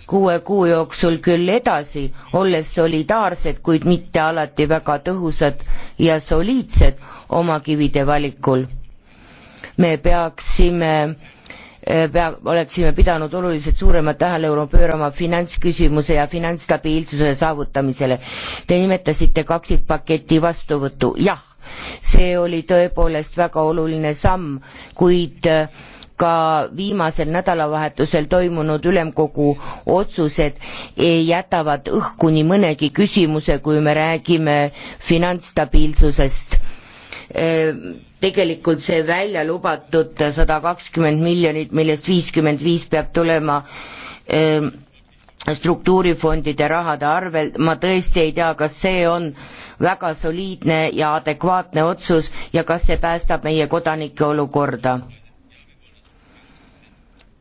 kuue kuu jooksul küll edasi, olles solidaarsed, kuid mitte alati väga tõhusad ja soliidsed oma kivide valikul. me peaksime Eh, pea, oleksime pidanud oluliselt suuremat tähelepanu pöörama finantsküsimuse ja finantsstabiilsuse saavutamisele. Te nimetasite kaksikpaketi vastuvõttu, jah, see oli tõepoolest väga oluline samm, kuid eh, ka viimasel nädalavahetusel toimunud ülemkogu otsused jätavad õhku nii mõnegi küsimuse, kui me räägime finantsstabiilsusest eh, tegelikult see välja lubatud sada kakskümmend miljonit, millest viiskümmend viis peab tulema ehm, struktuurifondide rahade arvel, ma tõesti ei tea, kas see on väga soliidne ja adekvaatne otsus ja kas see päästab meie kodanike olukorda.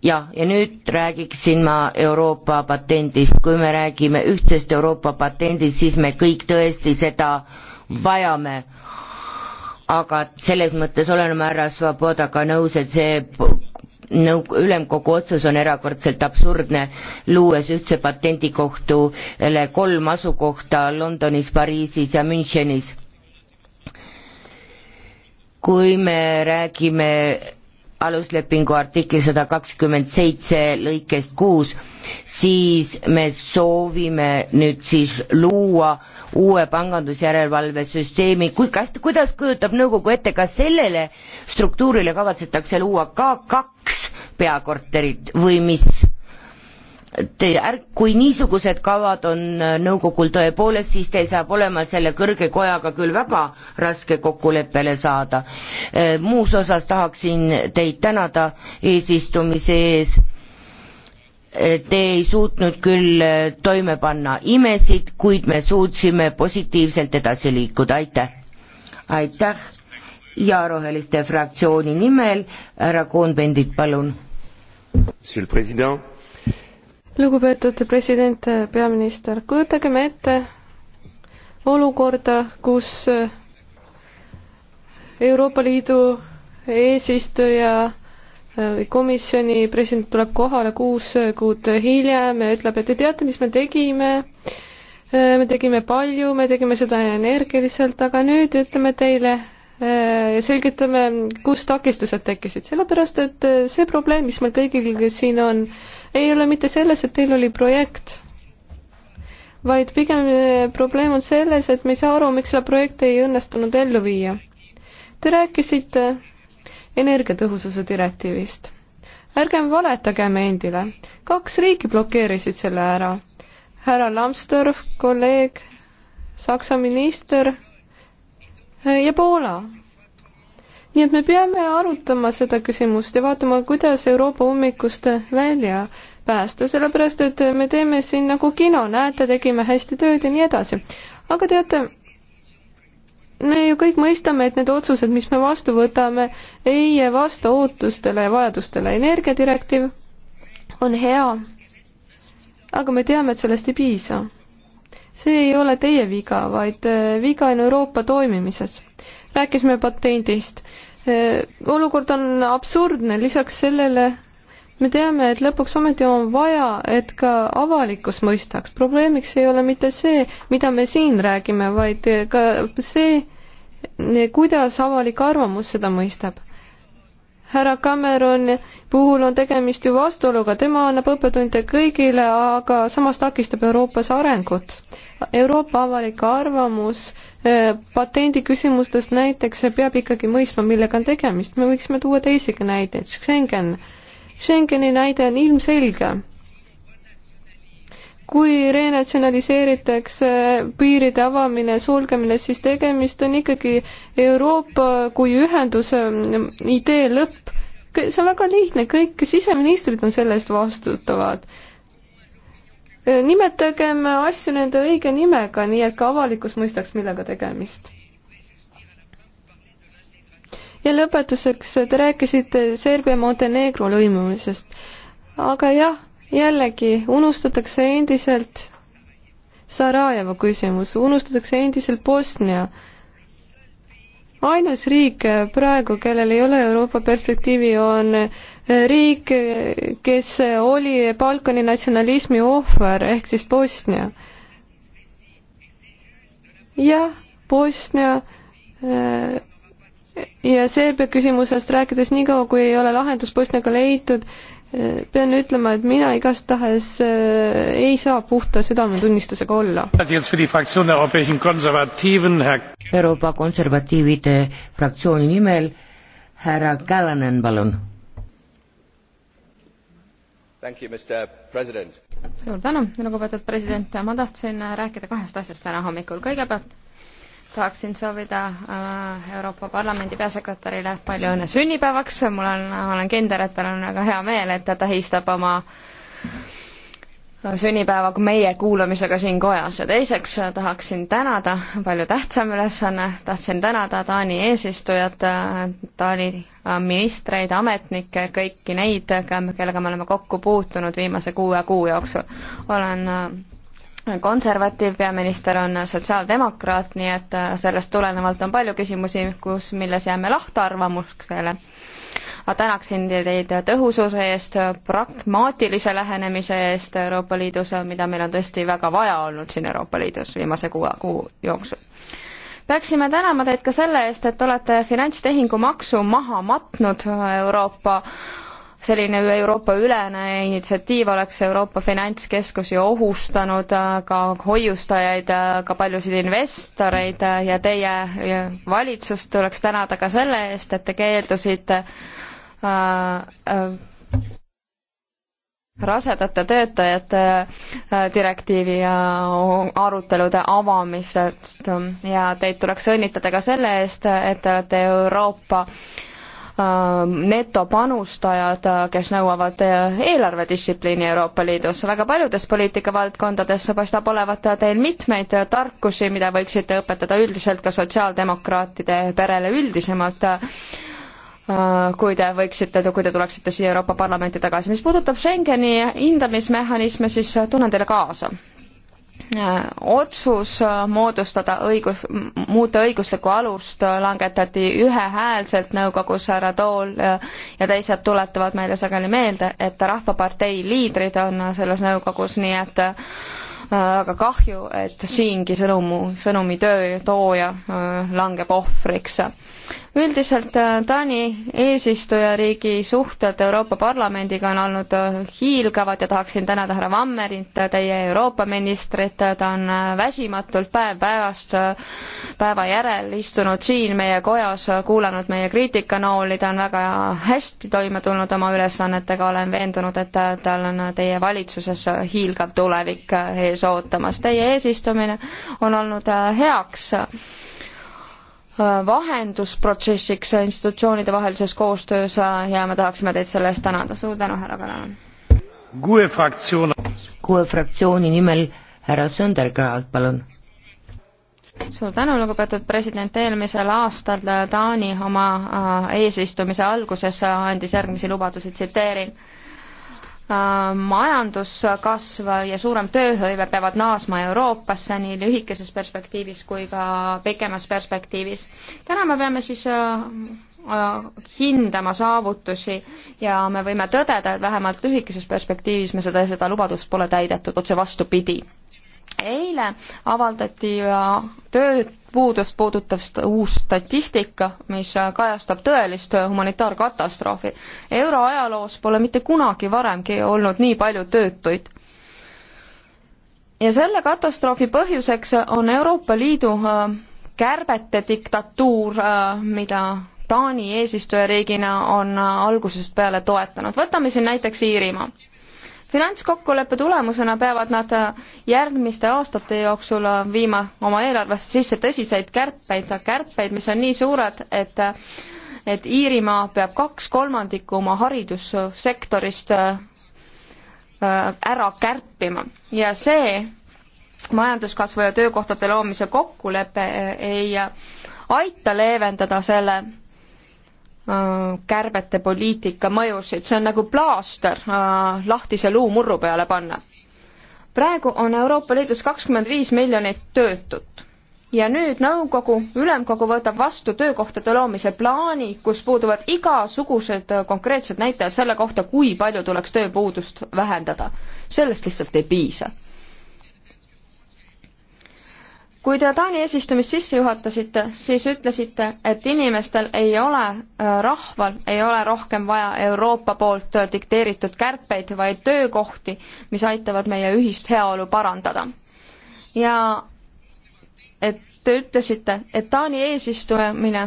jah, ja nüüd räägiksin ma Euroopa patendist, kui me räägime ühtsest Euroopa patendist, siis me kõik tõesti seda vajame aga selles mõttes olen ma härra Svobodaga nõus, et see nõu-, ülemkogu otsus on erakordselt absurdne, luues ühtse patendikohtule kolm asukohta Londonis, Pariisis ja Münchenis. kui me räägime aluslepingu artikli sada kakskümmend seitse lõikest kuus, siis me soovime nüüd siis luua uue pangandusjärelevalvesüsteemi, kui, kas, kuidas kujutab nõukogu ette, kas sellele struktuurile kavatsetakse luua ka kaks peakorterit või mis? Te ärk-, kui niisugused kavad on äh, nõukogul tõepoolest, siis teil saab olema selle kõrge kojaga küll väga raske kokkuleppele saada. Äh, muus osas tahaksin teid tänada eesistumise ees Te ei suutnud küll äh, toime panna imesid, kuid me suutsime positiivselt edasi liikuda, aitäh! aitäh ja Roheliste fraktsiooni nimel härra Kohn-Pendit, palun! lugupeetud president, äh, peaminister, kujutagem ette olukorda, kus äh, Euroopa Liidu eesistuja Äh, komisjoni president tuleb kohale kuus kuud hiljem ja ütleb, et te teate, mis me tegime, äh, me tegime palju, me tegime seda energiliselt, aga nüüd ütleme teile äh, ja selgitame, kus takistused tekkisid, sellepärast et see probleem, mis meil kõigil siin on, ei ole mitte selles, et teil oli projekt, vaid pigem probleem on selles, et me ei saa aru, miks seda projekti ei õnnestunud ellu viia. Te rääkisite energiatõhususe direktiivist. ärgem valetagem endile, kaks riiki blokeerisid selle ära. härra Lambsdorff, kolleeg, Saksa minister eh, ja Poola. nii et me peame arutama seda küsimust ja vaatama, kuidas Euroopa ummikust välja päästa, sellepärast et me teeme siin nagu kino, näete, tegime hästi tööd ja nii edasi. aga teate, me ju kõik mõistame, et need otsused, mis me vastu võtame, ei vasta ootustele ja vajadustele. energiadirektiiv on hea, aga me teame, et sellest ei piisa. see ei ole teie viga, vaid äh, viga on Euroopa toimimises. rääkisime patendist. Äh, olukord on absurdne, lisaks sellele me teame, et lõpuks ometi on vaja, et ka avalikkus mõistaks. probleemiks ei ole mitte see, mida me siin räägime, vaid äh, ka see, kuidas avalik arvamus seda mõistab? härra Cameron puhul on tegemist ju vastuoluga, tema annab õppetunde kõigile, aga samas takistab Euroopas arengut. Euroopa avalik arvamus eh, patendi küsimustes näiteks peab ikkagi mõistma, millega on tegemist, me võiksime tuua teisigi näiteid, Schengen. Schengeni näide on ilmselge kui renatsionaliseeritakse piiride avamine, sulgemine, siis tegemist on ikkagi Euroopa kui ühenduse idee lõpp. see on väga lihtne, kõik siseministrid on selle eest vastutavad. nimetagem asju nende õige nimega, nii et ka avalikkus mõistaks, millega tegemist. ja lõpetuseks, te rääkisite Serbia-Montenegro lõimumisest, aga jah jällegi unustatakse endiselt Sarajeva küsimus, unustatakse endiselt Bosnia. ainus riik praegu, kellel ei ole Euroopa perspektiivi, on eh, riik, kes oli Balkani natsionalismi ohver, ehk siis Bosnia. jah, Bosnia eh, ja Serbia küsimusest rääkides, niikaua kui ei ole lahendus Bosniaga leitud, pean ütlema, et mina igastahes äh, ei saa puhta südametunnistusega olla. Euroopa Konservatiivide fraktsiooni nimel härra Callanen, palun. suur tänu, lugupeetud president, ma tahtsin rääkida kahest asjast täna hommikul, kõigepealt tahaksin soovida äh, Euroopa Parlamendi peasekretärile palju õnne sünnipäevaks, mul on, olen kindel, et tal on väga hea meel, et ta tähistab oma sünnipäeva meie kuulamisega siin kojas ja teiseks äh, tahaksin tänada, palju tähtsam ülesanne, tahtsin tänada Taani eesistujat, äh, Taani ministreid, ametnikke, kõiki neid, kellega me oleme kokku puutunud viimase kuue kuu jooksul. olen konservatiiv peaminister on sotsiaaldemokraat, nii et äh, sellest tulenevalt on palju küsimusi, kus, milles jääme lahtarvamusele. ma tänaksin teid tõhususe eest, pragmaatilise lähenemise eest Euroopa Liidus, mida meil on tõesti väga vaja olnud siin Euroopa Liidus viimase kuu, kuu jooksul. peaksime tänama teid ka selle eest, et olete finantstehingumaksu maha matnud Euroopa selline Euroopa ülene initsiatiiv oleks Euroopa finantskeskusi ohustanud ka hoiustajaid, ka paljusid investoreid ja teie valitsust tuleks tänada ka selle eest, et te keeldusite äh, äh, rasedate töötajate äh, direktiivi ja arutelude avamisest ja teid tuleks õnnitleda ka selle eest, et te olete Euroopa äh, Äh, netopanustajad, äh, kes nõuavad äh, eelarvedistsipliini Euroopa Liidus. väga paljudes poliitikavaldkondades paistab olevat teil mitmeid tarkusi, mida võiksite õpetada üldiselt ka sotsiaaldemokraatide perele üldisemalt kui te võiksite, kui te tuleksite siia Euroopa Parlamenti tagasi. mis puudutab Schengeni hindamismehhanisme, siis tunnen teile kaasa Äh, otsus äh, moodustada õigus, muuta õiguslikku alust äh, langetati ühehäälselt nõukogus härra Tool ja teised tuletavad meile sageli meelde, et Rahvapartei liidrid on selles nõukogus, nii et aga kahju, et siingi sõnumu, sõnumi töötooja langeb ohvriks üldiselt äh, Taani eesistujariigi suhted Euroopa Parlamendiga on olnud äh, hiilgavad ja tahaksin tänada härra Vammerit, teie Euroopa ministrit, ta on äh, väsimatult päev päevast, päeva järel istunud siin meie kojas, kuulanud meie kriitikanooli, ta on väga hästi toime tulnud oma ülesannetega, olen veendunud, et tal on teie valitsuses hiilgav tulevik ees ootamas. Teie eesistumine on olnud heaks Äh, vahendusprotsessiks institutsioonide vahelises koostöös äh, ja me tahaksime teid selle eest tänada. suur tänu, härra Kalanen. kuue fraktsioon. kuue fraktsiooni nimel härra Sõndergraad, palun. suur tänu, lugupeetud president, eelmisel aastal Taani oma äh, eesistumise alguses andis järgmisi lubadusi, tsiteerin Äh, majanduskasv ja suurem tööhõive peavad naasma Euroopasse nii lühikeses perspektiivis kui ka pikemas perspektiivis. täna me peame siis äh, äh, hindama saavutusi ja me võime tõdeda, et vähemalt lühikeses perspektiivis me seda, seda lubadust pole täidetud, otse vastupidi. eile avaldati töö puudust puudutav uus statistika, mis kajastab tõelist humanitaarkatastroofi. euroajaloos pole mitte kunagi varemgi olnud nii palju töötuid. ja selle katastroofi põhjuseks on Euroopa Liidu äh, kärbete diktatuur, äh, mida Taani eesistujariigina on äh, algusest peale toetanud. võtame siin näiteks Iirimaa finantskokkuleppe tulemusena peavad nad äh, järgmiste aastate jooksul äh, viima oma eelarvesse sisse tõsiseid kärpeid, kärpeid, mis on nii suured, et äh, et Iirimaa peab kaks kolmandikku oma haridussektorist ära kärpima ja see majanduskasvu ja töökohtade loomise kokkulepe ei aita leevendada selle Äh, kärbete poliitika mõjusid, see on nagu plaaster äh, lahtise luu murru peale panna. praegu on Euroopa Liidus kakskümmend viis miljonit töötut ja nüüd nõukogu, ülemkogu võtab vastu töökohtade loomise plaani, kus puuduvad igasugused äh, konkreetsed näitajad selle kohta, kui palju tuleks tööpuudust vähendada. sellest lihtsalt ei piisa kui te Taani eesistumist sisse juhatasite, siis ütlesite, et inimestel ei ole, äh, rahval ei ole rohkem vaja Euroopa poolt dikteeritud kärpeid, vaid töökohti, mis aitavad meie ühist heaolu parandada. ja et te ütlesite, et Taani eesistumine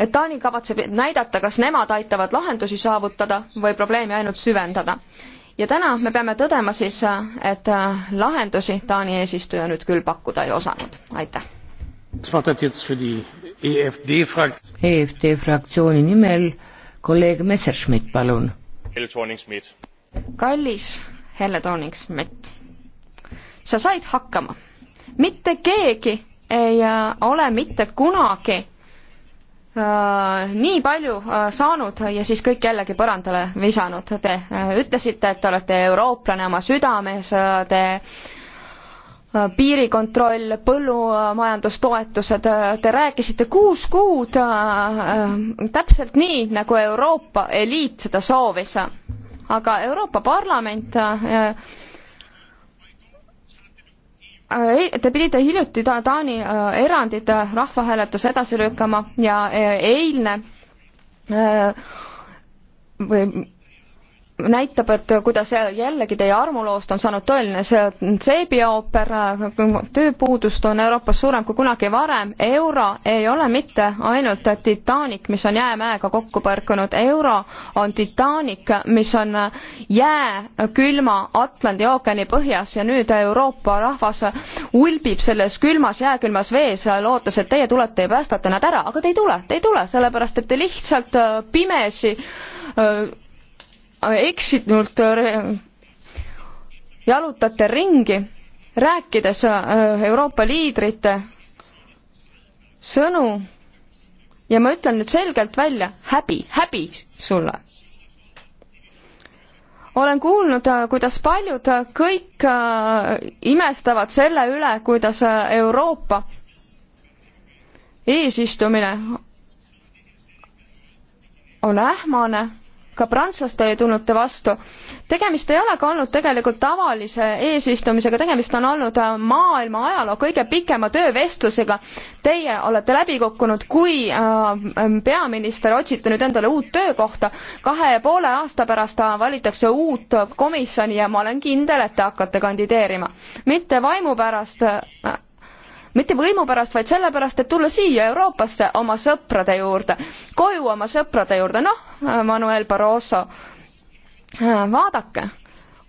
et Taani kavatseb näidata, kas nemad aitavad lahendusi saavutada või probleemi ainult süvendada ja täna me peame tõdema siis, et äh, lahendusi Taani eesistuja nüüd küll pakkuda ei osanud, aitäh. EFD, frak EFD fraktsiooni nimel kolleeg Messerschmidt, palun. kallis Helle Tooning-Schmidt, sa said hakkama. mitte keegi ei äh, ole mitte kunagi Äh, nii palju äh, saanud ja siis kõik jällegi põrandale visanud. Te äh, ütlesite, et te olete eurooplane oma südames, te piirikontroll, põllumajandustoetused, te rääkisite kuus kuud täpselt nii, nagu Euroopa eliit seda soovis. aga Euroopa Parlament Äh, te pidite hiljuti Taani äh, erandit äh, rahvahääletuse edasi lükkama ja eilne või näitab, et kuidas jällegi teie armuloost on saanud tõeline seebiooper, tööpuudust on Euroopas suurem kui kunagi varem, euro ei ole mitte ainult Titanic, mis on jäämäega kokku põrkunud, euro on Titanic, mis on jää külma Atlandi ookeani põhjas ja nüüd Euroopa rahvas ulbib selles külmas jääkülmas vees, lootes, et teie tulete ja päästate nad ära, aga te ei tule, te ei tule, sellepärast et te lihtsalt pimesi öö, eksinult äh, jalutate ringi, rääkides äh, Euroopa liidrite sõnu ja ma ütlen nüüd selgelt välja, häbi, häbi sulle. olen kuulnud, äh, kuidas paljud kõik imestavad selle üle, kuidas Euroopa eesistumine on ähmane ka prantslastele tulnute vastu. tegemist ei olegi olnud tegelikult tavalise eesistumisega, tegemist on olnud äh, maailma ajaloo kõige pikema töövestlusega. Teie olete läbi kukkunud, kui äh, peaminister otsite nüüd endale uut töökohta. kahe ja poole aasta pärast äh, valitakse uut komisjoni ja ma olen kindel, et te hakkate kandideerima. mitte vaimu pärast mitte võimu pärast, vaid sellepärast, et tulla siia Euroopasse oma sõprade juurde, koju oma sõprade juurde, noh, Manuel Barroso, vaadake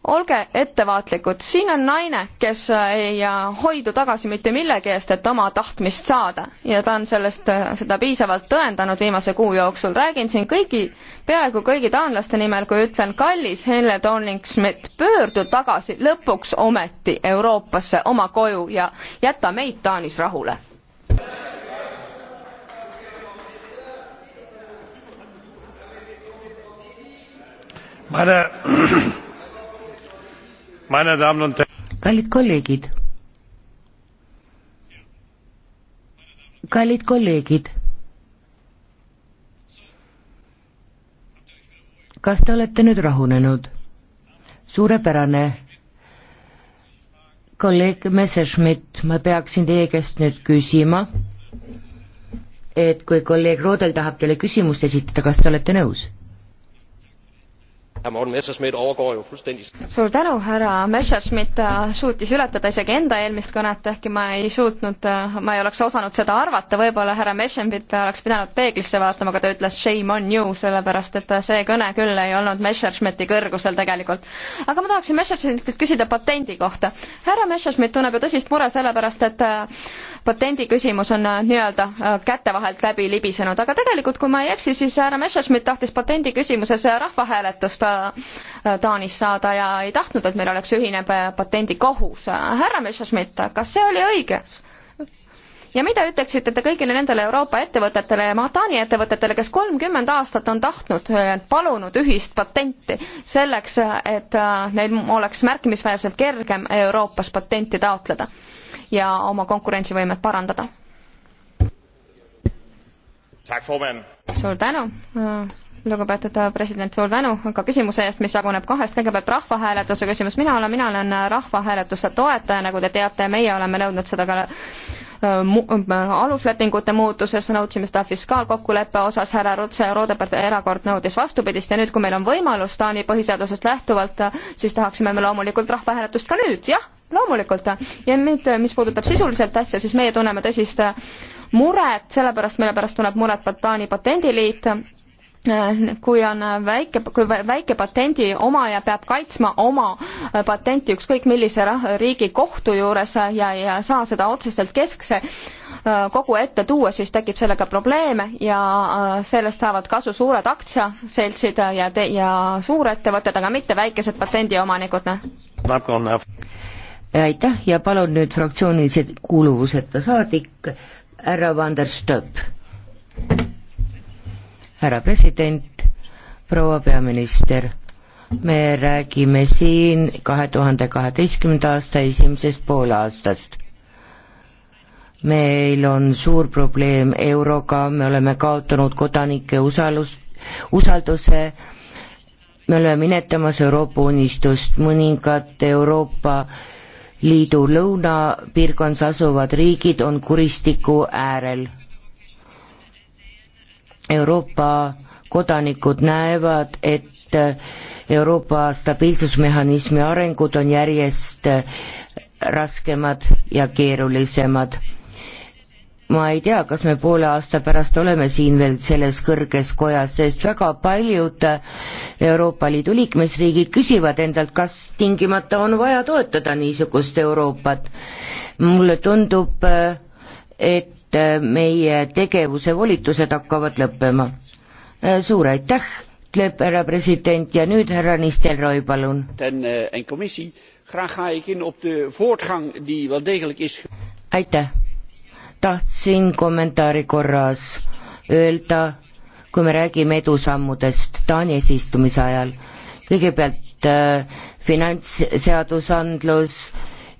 olge ettevaatlikud, siin on naine, kes äh, ei äh, hoidu tagasi mitte millegi eest, et oma tahtmist saada ja ta on sellest, äh, seda piisavalt tõendanud viimase kuu jooksul. räägin siin kõigi, peaaegu kõigi taanlaste nimel, kui ütlen, kallis Helle Tooning-Schmidt, pöördu tagasi lõpuks ometi Euroopasse, oma koju ja jäta meid Taanis rahule. Meine kallid kolleegid, kallid kolleegid, kas te olete nüüd rahunenud? suurepärane. kolleeg Messerschmidt, ma peaksin teie käest nüüd küsima, et kui kolleeg Roodel tahab teile küsimust esitada, kas te olete nõus? suur tänu, härra Messerschmidt suutis ületada isegi enda eelmist kõnet, ehkki ma ei suutnud, ma ei oleks osanud seda arvata, võib-olla härra Messerschmidt oleks pidanud peeglisse vaatama, aga ta ütles shame on you, sellepärast et see kõne küll ei olnud Messerschmitti kõrgusel tegelikult. aga ma tahaksin Messerschmidtilt küsida patendi kohta. härra Messerschmidt tunneb ju tõsist mure sellepärast, et patendiküsimus on äh, nii-öelda äh, käte vahelt läbi libisenud, aga tegelikult kui ma ei eksi, siis äh, härra Messerschmidt tahtis patendiküsimuses rahvahääletust Taanis saada ja ei tahtnud, et meil oleks ühine patendikohus. härra Messerschmidt, kas see oli õige? ja mida ütleksite te kõigile nendele Euroopa ettevõtetele ja Taani ettevõtetele, kes kolmkümmend aastat on tahtnud, äh, palunud ühist patenti selleks, et äh, neil oleks märkimisväärselt kergem Euroopas patenti taotleda ja oma konkurentsivõimet parandada? suur tänu äh, lugupeetud president, suur tänu ka küsimuse eest, mis jaguneb kahest, kõigepealt rahvahääletuse küsimus, mina olen, mina olen rahvahääletuse toetaja, nagu te teate, meie oleme nõudnud seda ka äh, mu-, äh, aluslepingute muutuses, nõudsime seda fiskaalkokkuleppe osas, härra Rutse Roodepere erakord nõudis vastupidist ja nüüd, kui meil on võimalus Taani põhiseadusest lähtuvalt, siis tahaksime me loomulikult rahvahääletust ka nüüd, jah, loomulikult. ja nüüd, mis puudutab sisuliselt asja, siis meie tunneme tõsist muret, sellepärast, mille pärast tunneb muret Taani patendiliit Äh, kui on väike, kui väike patendi omaja peab kaitsma oma äh, patenti ükskõik millise riigi kohtu juures äh, ja ei saa seda otseselt keskse kogu ette tuua, siis tekib sellega probleeme ja sellest saavad kasu suured aktsiaseltsid ja, ja suurettevõtted, aga mitte väikesed patendiomanikud. Noh. aitäh ja palun nüüd fraktsioonilise kuuluvuseta saadik härra Van der Stöp härra president, proua peaminister, me räägime siin kahe tuhande kaheteistkümnenda aasta esimesest poolaastast meil on suur probleem euroga, me oleme kaotanud kodanike usalus, usalduse, me oleme minetamas Euroopa unistust, mõningad Euroopa Liidu lõunapiirkonnas asuvad riigid on kuristiku äärel Euroopa kodanikud näevad, et Euroopa stabiilsusmehhanismi arengud on järjest raskemad ja keerulisemad. ma ei tea, kas me poole aasta pärast oleme siin veel selles kõrges kojas, sest väga paljud Euroopa Liidu liikmesriigid küsivad endalt, kas tingimata on vaja toetada niisugust Euroopat. mulle tundub, et et äh, meie tegevuse volitused hakkavad lõppema. Äh, suur aitäh, ütleb härra president ja nüüd härra Nistelrooy, palun. Äh, aitäh, tahtsin kommentaari korras öelda, kui me räägime edusammudest Taani eesistumise ajal, kõigepealt äh, finantsseadusandlus,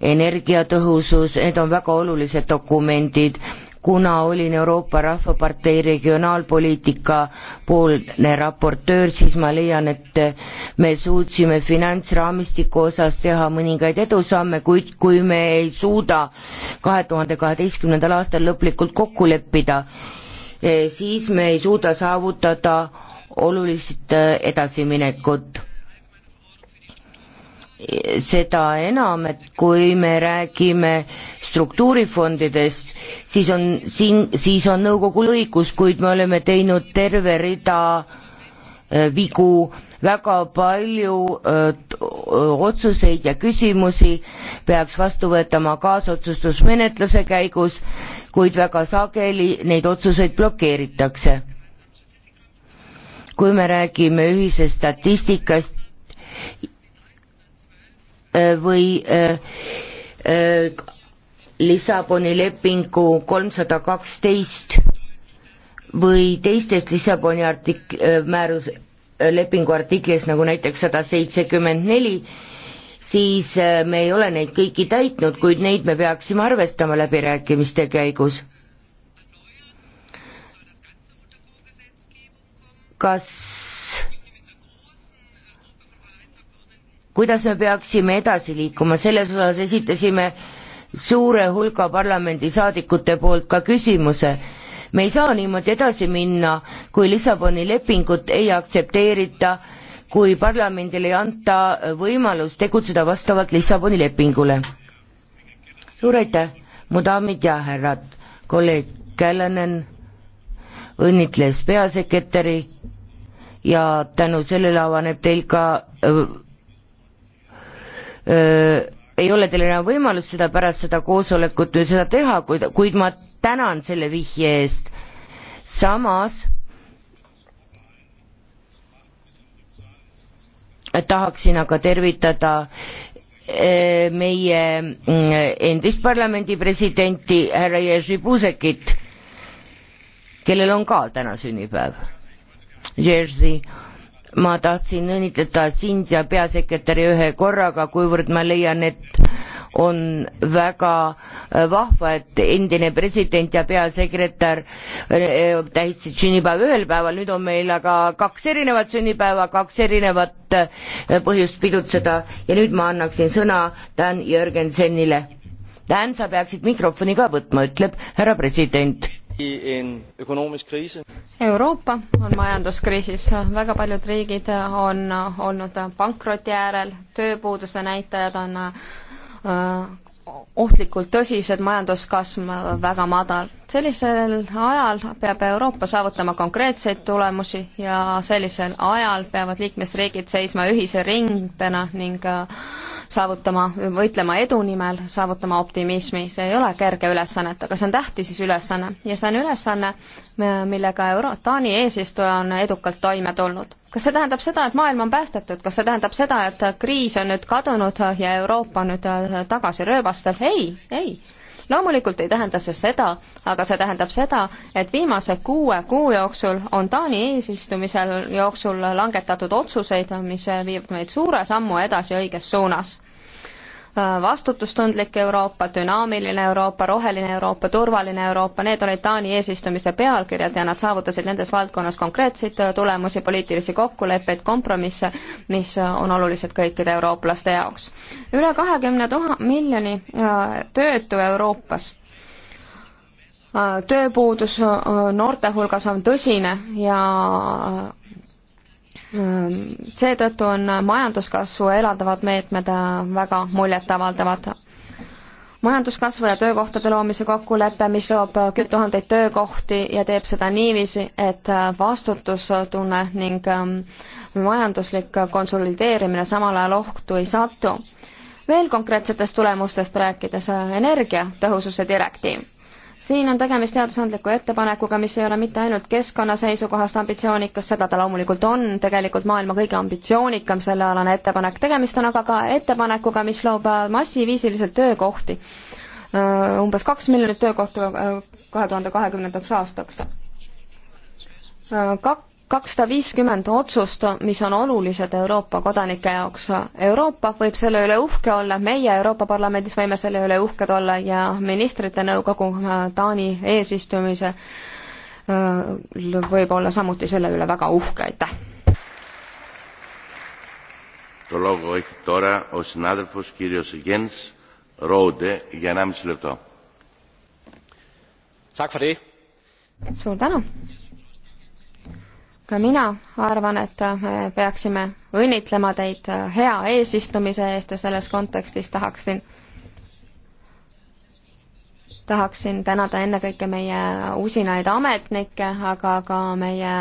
energiatõhusus, need on väga olulised dokumendid kuna olin Euroopa Rahvapartei regionaalpoliitika poolne raportöör, siis ma leian, et me suutsime finantsraamistiku osas teha mõningaid edusamme, kuid kui me ei suuda kahe tuhande kaheteistkümnendal aastal lõplikult kokku leppida, eh, siis me ei suuda saavutada olulist eh, edasiminekut seda enam, et kui me räägime struktuurifondidest, siis on siin, siis on nõukogul õigus, kuid me oleme teinud terve rida äh, vigu, väga palju öö, äh, otsuseid ja küsimusi peaks vastu võtama kaasotsustusmenetluse käigus, kuid väga sageli neid otsuseid blokeeritakse. kui me räägime ühisest statistikast Äh, või äh, äh, Lissaboni lepingu kolmsada kaksteist või teistest Lissaboni artik-, määrus, lepingu artiklis, nagu näiteks sada seitsekümmend neli, siis me ei ole neid kõiki täitnud, kuid neid me peaksime arvestama läbirääkimiste käigus. kas kuidas me peaksime edasi liikuma, selles osas esitasime suure hulga parlamendisaadikute poolt ka küsimuse. me ei saa niimoodi edasi minna, kui Lissaboni lepingut ei aktsepteerita, kui parlamendile ei anta võimalust tegutseda vastavalt Lissaboni lepingule. suur aitäh, mu daamid ja härrad, kolleeg Källenen õnnitles peasekretäri ja tänu sellele avaneb teil ka öö, äh, Äh, ei ole teil enam võimalust seda pärast seda koosolekut nüüd seda teha, kuid, kuid ma tänan selle vihje eest. samas tahaksin aga tervitada äh, meie mm, endist parlamendi presidenti härra Jerzy Buzekit, kellel on ka täna sünnipäev. Jerzy ma tahtsin õnnitleda sind ja peasekretäri ühe korraga, kuivõrd ma leian, et on väga äh, vahva, et endine president ja peasekretär äh, tähistasid sünnipäeva ühel päeval, nüüd on meil aga kaks erinevat sünnipäeva, kaks erinevat äh, põhjust pidutseda ja nüüd ma annaksin sõna Dan Jörgensenile. Dan, sa peaksid mikrofoni ka võtma, ütleb härra president Euroopa on majanduskriisis, väga paljud riigid on olnud pankroti äärel, tööpuuduse näitajad on äh, ohtlikult tõsised, majanduskasv väga madal. sellisel ajal peab Euroopa saavutama konkreetseid tulemusi ja sellisel ajal peavad liikmesriigid seisma ühise ringdena ning äh, saavutama, võitlema edu nimel, saavutama optimismi. see ei ole kerge ülesannet, aga see on tähtis ülesanne ja see on ülesanne, millega Euro-, Taani eesistuja on edukalt toime tulnud. kas see tähendab seda, et maailm on päästetud, kas see tähendab seda, et kriis on nüüd kadunud ja Euroopa on nüüd äh, tagasi rööbastel, ei, ei. loomulikult ei tähenda see seda, aga see tähendab seda, et viimase kuue kuu jooksul on Taani eesistumisel jooksul langetatud otsuseid, mis viib meid suure sammu edasi õiges suunas Äh, vastutustundlik Euroopa, dünaamiline Euroopa, roheline Euroopa, turvaline Euroopa, need olid Taani eesistumise pealkirjad ja nad saavutasid nendes valdkonnas konkreetseid äh, tulemusi, poliitilisi kokkuleppeid, kompromisse, mis äh, on olulised kõikide eurooplaste jaoks. üle kahekümne tuha-, miljoni töötu Euroopas tööpuudus noorte hulgas on tõsine ja Ehm, seetõttu on majanduskasvu elavdavad meetmed äh, väga muljetavaldavad. majanduskasvu ja töökohtade loomise kokkulepe, mis loob äh, kümne tuhandeid töökohti ja teeb seda niiviisi, et äh, vastutustunne ning ähm, majanduslik konsolideerimine samal ajal ohtu ei satu. veel konkreetsetest tulemustest rääkides, energiatõhususe direktiiv siin on tegemist seadusandliku ettepanekuga, mis ei ole mitte ainult keskkonna seisukohast ambitsioonikas, seda ta loomulikult on, tegelikult maailma kõige ambitsioonikam sellealane ettepanek, tegemist on aga ka ettepanekuga, mis loob äh, massiviisiliselt töökohti. Äh, umbes kaks miljonit töökohta äh, kahe tuhande kahekümnendaks aastaks. Kak-, kakssada viiskümmend otsust, mis on olulised Euroopa kodanike jaoks. Euroopa võib selle üle uhke olla, meie Euroopa Parlamendis võime selle üle uhked olla ja ministrite nõukogu Taani eesistumise võib olla samuti selle üle väga uhke, aitäh! Το λόγο έχει τώρα ο συνάδελφος κύριος Γιένς Ρόντε για 1,5 λεπτό. Tack för det. Suur tänu ka mina arvan, et me peaksime õnnitlema teid hea eesistumise eest ja selles kontekstis tahaksin, tahaksin tänada ennekõike meie usinaid ametnikke, aga ka meie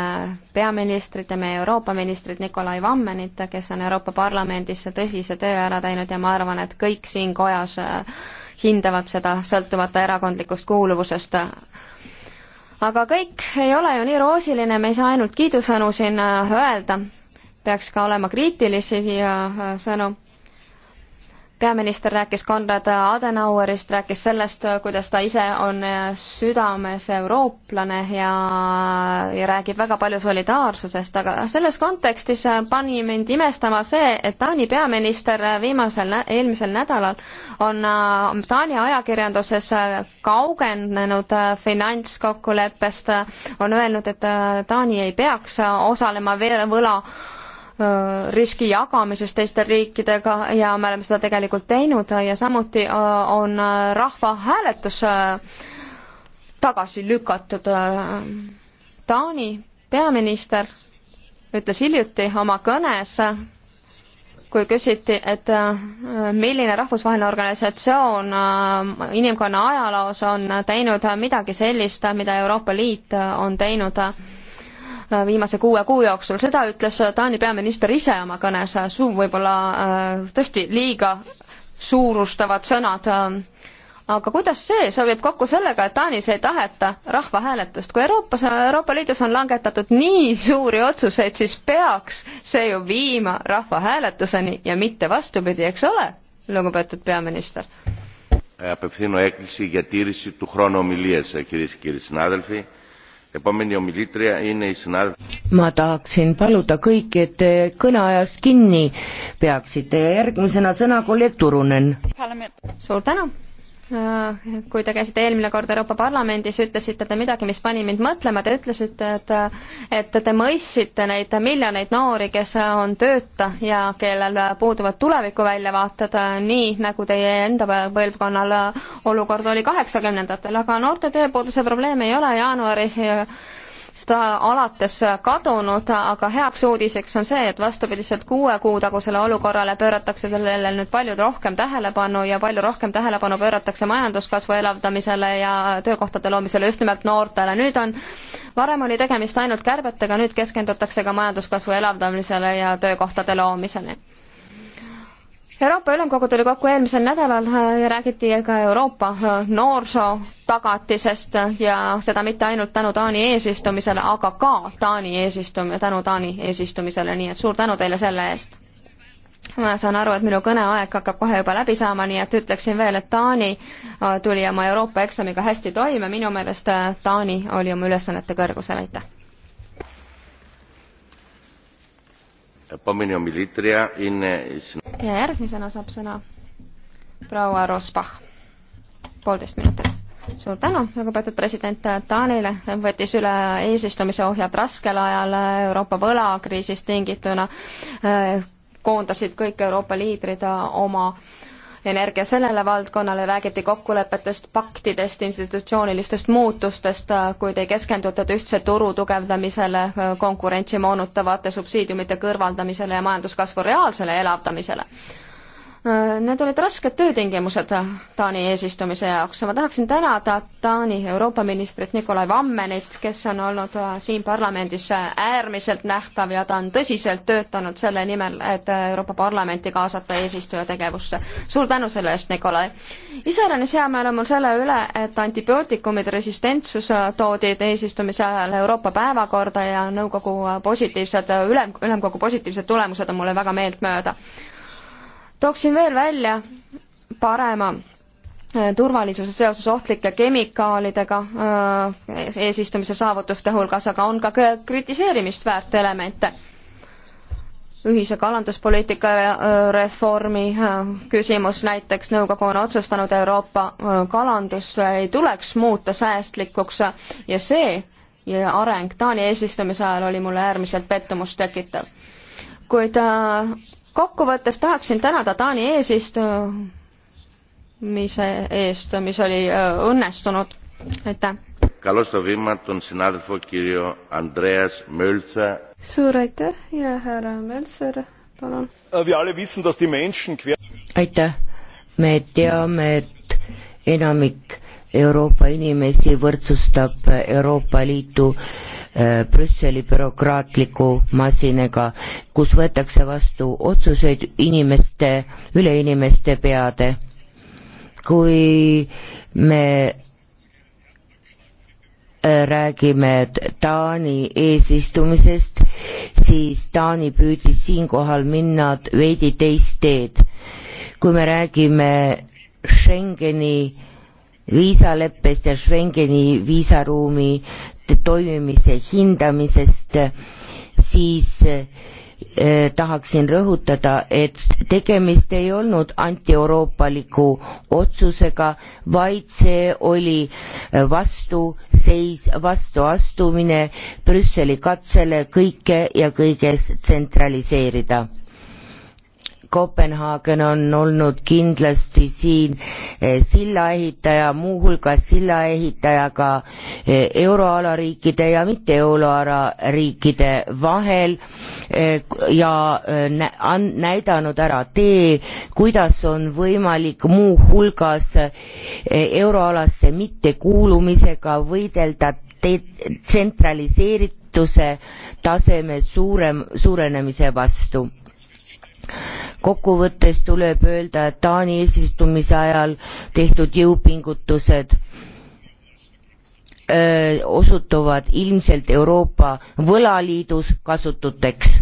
peaministrit ja meie Euroopa ministrit Nikolai Vammenit, kes on Euroopa Parlamendis tõsise töö ära teinud ja ma arvan, et kõik siin kojas hindavad seda sõltumata erakondlikust kuuluvusest aga kõik ei ole ju nii roosiline, me ei saa ainult kiidusõnu siin äh, öelda, peaks ka olema kriitilisi äh, sõnu peaminister rääkis Konrad Adenauerist, rääkis sellest, kuidas ta ise on südames eurooplane ja, ja räägib väga palju solidaarsusest, aga selles kontekstis pani mind imestama see, et Taani peaminister viimasel, eelmisel nädalal on Taani ajakirjanduses kaugenenud finantskokkuleppest, on öelnud, et Taani ei peaks osalema võla riski jagamisest teiste riikidega ja me oleme seda tegelikult teinud ja samuti on rahvahääletus tagasi lükatud. Taani peaminister ütles hiljuti oma kõnes, kui küsiti, et milline rahvusvaheline organisatsioon inimkonna ajaloos on teinud midagi sellist, mida Euroopa Liit on teinud viimase kuue kuu jooksul, seda ütles äh, Taani peaminister ise oma kõnes, äh, võib-olla äh, tõesti liiga suurustavad sõnad. aga kuidas see sobib kokku sellega, et Taanis ei taheta rahvahääletust, kui Euroopas, Euroopa Liidus on langetatud nii suuri otsuseid, siis peaks see ju viima rahvahääletuseni ja mitte vastupidi, eks ole, lugupeetud peaminister? απευθύνω έκκληση για τήρηση του χρόνου ομιλίας, κυρίες και κύριοι συνάδελφοι ma tahaksin paluda kõiki, et te kõneajast kinni peaksite ja järgmisena sõna kolleeg Turunen. suur tänu Äh, kui te käisite eelmine kord Euroopa Parlamendis, ütlesite te midagi, mis pani mind mõtlema, te ütlesite, et et te mõistsite neid miljoneid noori, kes on tööta ja kellel puuduvad tulevikuväljavaated, nii nagu teie enda põlvkonnal olukord oli kaheksakümnendatel, aga noorte tööpuuduse probleem ei ole jaanuari alates kadunud, aga heaks uudiseks on see, et vastupidiselt kuue kuu tagusele olukorrale pööratakse sellele nüüd palju rohkem tähelepanu ja palju rohkem tähelepanu pööratakse majanduskasvu elavdamisele ja töökohtade loomisele just nimelt noortele. nüüd on, varem oli tegemist ainult kärbetega, nüüd keskendutakse ka majanduskasvu elavdamisele ja töökohtade loomisele Euroopa Ülemkogu tuli kokku eelmisel nädalal äh, ja räägiti ka Euroopa äh, noorsootagatisest ja seda mitte ainult tänu Taani eesistumisele, aga ka Taani eesistum-, tänu Taani eesistumisele, nii et suur tänu teile selle eest. ma saan aru, et minu kõneaeg hakkab kohe juba läbi saama, nii et ütleksin veel, et Taani äh, tuli oma Euroopa eksamiga hästi toime, minu meelest Taani oli oma ülesannete kõrgusel, aitäh! ja järgmisena saab sõna proua Rosbach, poolteist minutit suur tänu, lugupeetud president Taanile, võttis üle eesistumise ohjad raskel ajal Euroopa võlakriisist tingituna, eh, koondasid kõik Euroopa liidrid oma äh, energia sellele valdkonnale, räägiti kokkulepetest, paktidest, institutsioonilistest muutustest, äh, kuid ei keskendutud ühtse turu tugevdamisele, äh, konkurentsi moonutavate subsiidiumite kõrvaldamisele ja majanduskasvu reaalsele elavdamisele Need olid rasked töötingimused Taani eesistumise jaoks ja ma tahaksin tänada Taani Euroopa ministrit Nikolai Vammenit, kes on olnud äh, siin parlamendis äärmiselt nähtav ja ta on tõsiselt töötanud selle nimel, et Euroopa Parlamenti kaasata eesistuja tegevusse. suur tänu selle eest, Nikolai! iseäranis hea meel on mul selle üle, et antibiootikumide resistentsus äh, toodi eesistumise ajal Euroopa päevakorda ja nõukogu äh, positiivsed, ülem, ülemkogu positiivsed tulemused on mulle väga meeltmööda tooksin veel välja parema äh, turvalisuse seoses ohtlike kemikaalidega äh, eesistumise saavutuste hulgas, aga on ka kritiseerimist väärt elemente. ühise kalanduspoliitika äh, reformi küsimus näiteks, nõukogu on otsustanud, Euroopa kalandus ei tuleks muuta säästlikuks ja see ja areng Taani eesistumise ajal oli mulle äärmiselt pettumust tekitav. kuid kokkuvõttes tahaksin tänada Taani eesistumise eest, mis oli äh, õnnestunud, aitäh! Καλώ στο βήμα τον συνάδελφο κύριο Ανδρέας Μέλτσα. Σουρέτε, ja härra Mölzer, palun. Äh, wir alle wissen, dass die Menschen quer... Aitäh. Me teame, et enamik Euroopa inimesi võrdsustab Euroopa Liitu äh, Äh, Brüsseli bürokraatliku masinaga, kus võetakse vastu otsuseid inimeste, üle inimeste peade. kui me äh, räägime Taani eesistumisest, siis Taani püüdis siinkohal minna veidi teist teed. kui me räägime Schengeni viisaleppest ja Schengeni viisaruumi toimimise hindamisest, siis äh, tahaksin rõhutada, et tegemist ei olnud antieuroopliku otsusega, vaid see oli äh, vastuseis, vastuastumine Brüsseli katsele kõike ja kõiges tsentraliseerida Kopenhaagen on olnud kindlasti siin eh, sillaehitaja, muuhulgas sillaehitaja ka eh, euroala riikide ja mitte euroala riikide vahel eh, ja näidanud ära tee, kuidas on võimalik muuhulgas euroalasse mittekuulumisega võidelda tsentraliseerituse taseme suurem, suurenemise vastu kokkuvõttes tuleb öelda, et Taani eesistumise ajal tehtud jõupingutused öö, osutuvad ilmselt Euroopa võlaliidus kasututeks.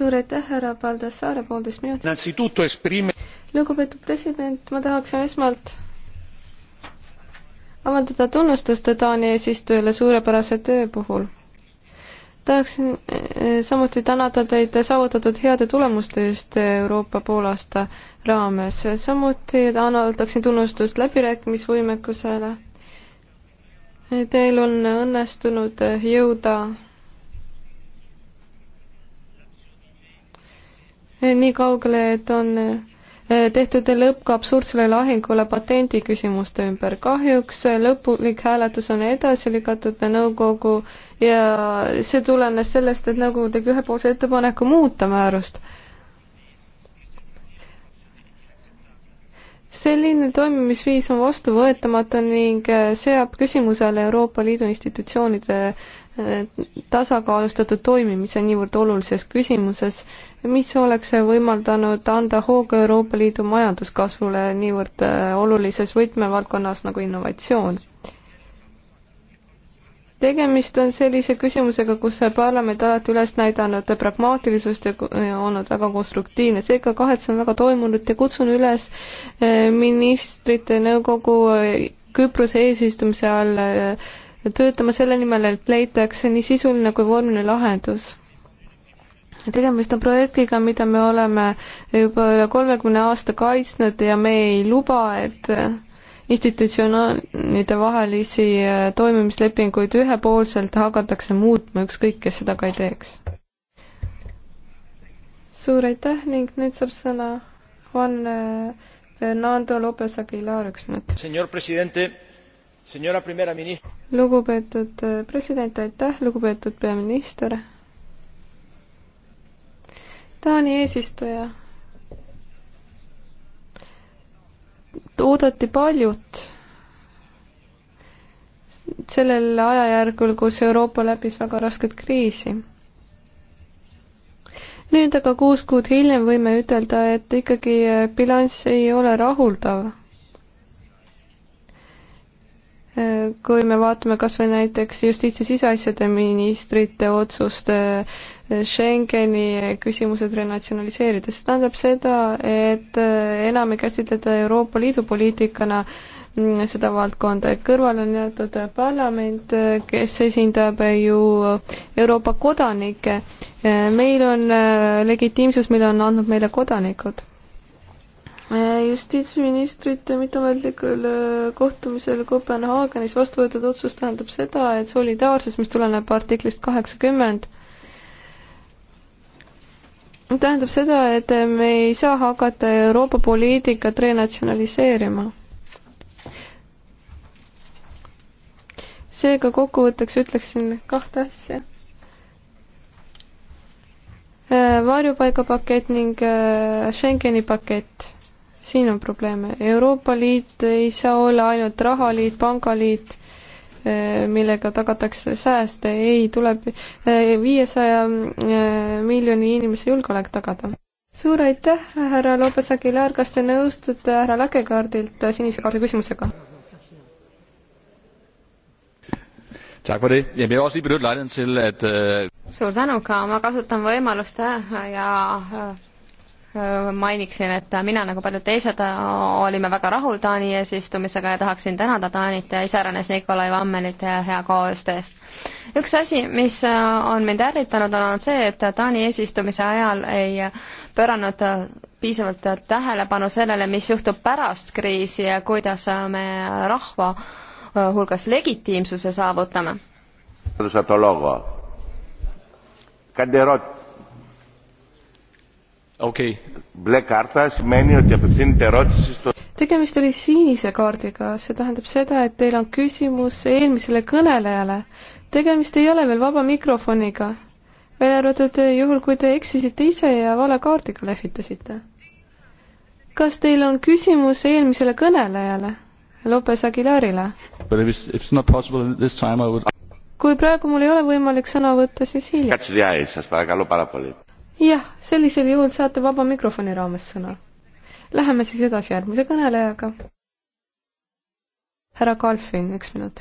suur aitäh, härra Baldassare, poolteist minutit. lugupeetud president, ma tahaksin esmalt avaldada tunnustust Taani eesistujale suurepärase töö puhul tahaksin eh, samuti tänada teid saavutatud heade tulemuste eest Euroopa poolaasta raames. samuti avaldaksin tunnustust läbirääkimisvõimekusele. Teil on õnnestunud jõuda nii kaugele, et on Eh, tehtud lõpp ka absurdsele lahingule patendi küsimuste ümber. kahjuks lõpulik hääletus on edasi lükatud nõukogu ja see tulenes sellest, et nõukogu tegi ühepoolse ettepaneku muuta määrust. selline toimimisviis on vastuvõetamatu ning eh, seab küsimusele Euroopa Liidu institutsioonide eh, tasakaalustatud toimimise niivõrd olulises küsimuses mis oleks võimaldanud anda hoogu Euroopa Liidu majanduskasvule niivõrd äh, olulises võtmevaldkonnas nagu innovatsioon. tegemist on sellise küsimusega, kus parlament alati üles näidanud pragmaatilisust ja olnud väga konstruktiivne, seega kahetsen väga toimunut ja kutsun üles äh, ministrite nõukogu äh, Küprose eesistumise all töötama selle nimel, et leitakse nii sisuline kui vormiline lahendus tegemist on projektiga, mida me oleme juba üle kolmekümne aasta kaitsnud ja me ei luba, et institutsioonide vahelisi äh, toimimislepinguid ühepoolselt hakatakse muutma, ükskõik kes seda ka ei teeks. suur aitäh ning nüüd saab sõna Juan äh, Fernando Lopez Aguilar, üks minut. lugupeetud äh, president, aitäh, lugupeetud peaminister Taani eesistuja oodati paljut sellel ajajärgul, kus Euroopa läbis väga rasket kriisi. nüüd aga kuus kuud hiljem võime ütelda, et ikkagi bilanss ei ole rahuldav kui me vaatame kas või näiteks justiits- ja siseasjade ministrite otsust eh, Schengeni küsimused renatsionaliseerida, see tähendab seda, et eh, enam ei käsitleta Euroopa Liidu poliitikana mm, seda valdkonda, et kõrvale on jäetud parlament, eh, kes esindab ju Euroopa kodanikke. meil on legitiimsus, mille on andnud meile kodanikud justiitsministrite mitteametlikul äh, kohtumisel Kopenhaagenis vastu võetud otsus tähendab seda, et solidaarsus, mis tuleneb artiklist kaheksakümmend, tähendab seda, et me ei saa hakata Euroopa poliitikat renatsionaliseerima. seega kokkuvõtteks ütleksin kahte asja äh, varjupaigapakett ning äh, Schengeni pakett siin on probleeme. Euroopa Liit ei saa olla ainult rahaliit, pangaliit, eh, millega tagatakse sääste, ei, tuleb eh, viiesaja eh, miljoni inimese julgeolek tagada. suur aitäh, härra Lopes Aguilar, kas te nõustute härra Lakekaardilt sinise kaardi küsimusega? Tak for det. Jamen, jeg vil også lige benytte lejligheden til, at... Uh... Suur tänu ka, ma kasutan võimalust ja uh, mainiksin, et mina nagu paljud teised äh, olime väga rahul Taani eesistumisega ja tahaksin tänada Taanit ja iseäranis Nikolai Vammenit hea koostöö eest. üks asi, mis äh, on mind ärritanud, on see, et Taani eesistumise ajal ei pööranud äh, piisavalt tähelepanu sellele, mis juhtub pärast kriisi ja kuidas me rahva hulgas legitiimsuse saavutame. Kanderot Okay. Μπλε κάρτα σημαίνει ότι απευθύνεται ερώτηση στο... Tegemist oli sinise kaardiga, see tähendab seda, et teil on küsimus eelmisele kõnelejale. tegemist ei ole veel vaba mikrofoniga, välja arvatud eh, juhul, kui te eksisite ise ja vale kaardiga lehvitasite. kas teil on küsimus eelmisele kõnelejale, Lopez Aguilarile? Would... kui praegu mul ei ole võimalik sõna võtta, siis hiljem jah, sellisel juhul saate vaba mikrofoni raames sõna. Läheme siis edasi järgmise kõnelejaga härra Kalfin, üks minut.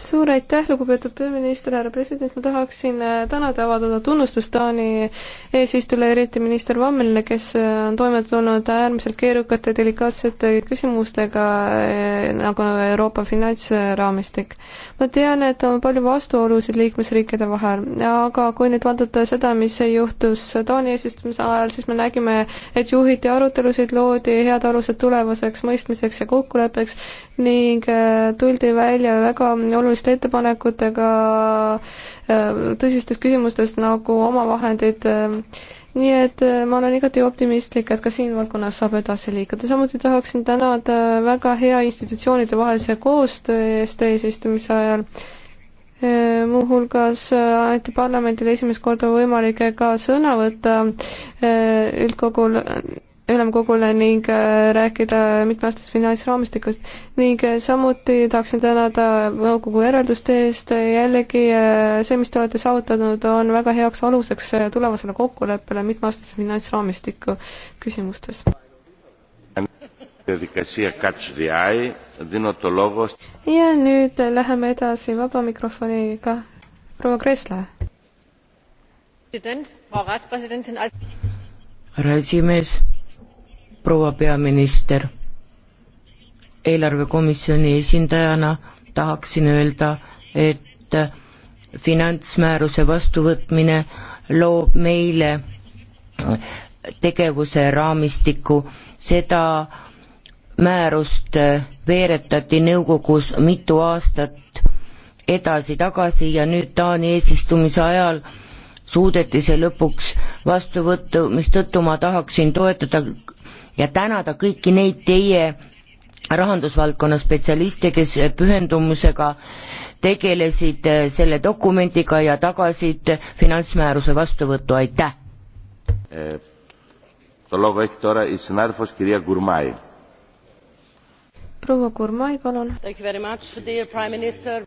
suur aitäh, lugupeetud peaminister, härra president, ma tahaksin äh, tänada ja avaldada tunnustust Taani eesistujale, eriti minister Vammelile, kes äh, on toime tulnud äärmiselt keerukate, delikaatsete küsimustega äh, nagu Euroopa finantsraamistik. ma tean, et on palju vastuolusid liikmesriikide vahel, aga kui nüüd vaadata seda, mis juhtus Taani eesistumise ajal, siis me nägime, et juhiti arutelusid, loodi head alused tulevaseks mõistmiseks ja kokkuleppeks, toetamiseks ning äh, tuldi välja väga oluliste ettepanekutega äh, tõsistes küsimustes nagu omavahendid. Äh, nii et ma olen igati optimistlik, et ka siin valdkonnas saab edasi liikuda, samuti tahaksin tänada väga hea institutsioonide vahelise koostöö eest eesistumise ajal muuhulgas anti parlamendile esimest korda võimalik ka sõna võtta üldkogul ülemkogule ning äh, rääkida mitmeaastast finantsraamistikust ning äh, samuti tahaksin tänada nõukogu järelduste eest, jällegi äh, see, mis te olete saavutanud, on väga heaks aluseks tulevasele kokkuleppele mitmeaastase finantsraamistiku küsimustes. <laughs> ja nüüd läheme edasi vaba mikrofoniga, proua Kresla. härra esimees proua peaminister. eelarvekomisjoni esindajana tahaksin öelda, et finantsmääruse vastuvõtmine loob meile tegevuse raamistiku, seda määrust veeretati nõukogus mitu aastat edasi-tagasi ja nüüd Taani eesistumise ajal suudeti see lõpuks vastu võtta, mistõttu ma tahaksin toetada ja tänada kõiki neid teie rahandusvaldkonna spetsialiste, kes pühendumusega tegelesid äh, selle dokumendiga ja tagasid finantsmääruse vastuvõtu, aitäh! το λόγο έχει τώρα η συνάδελφος κυρία Γκουρμάη proua Kurmai, palun.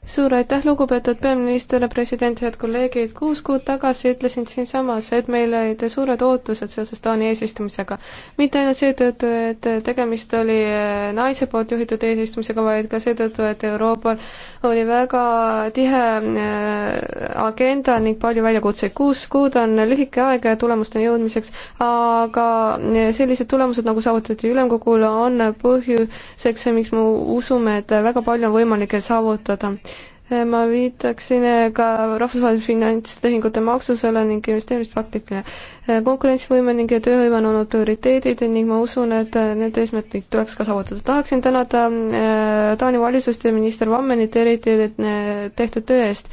suur aitäh, lugupeetud peaminister, president, head kolleegid. kuus kuud tagasi ütlesin siinsamas, et meil olid suured ootused seoses Taani eesistumisega. mitte ainult seetõttu, et tegemist oli eh, naise poolt juhitud eesistumisega, vaid ka seetõttu, et Euroopal oli väga tihe eh, agenda ning palju väljakutseid. kuus kuud on lühike aeg tulemusteni jõudmiseks, aga eh, sellised tulemused, nagu saavutati ülemkogul, on põhjuseks, miks miks me usume, et väga palju on võimalik saavutada. ma viitaksin eh, ka rahvusvahelise finantstehingute maksusele ning investeerimispraktikale. Eh, konkurentsivõime ning tööhõive on olnud prioriteedid ning ma usun, et eh, need eesmärgid tuleks ka saavutada. tahaksin tänada Taani valitsust ja minister Vammenit eriti tehtud töö eest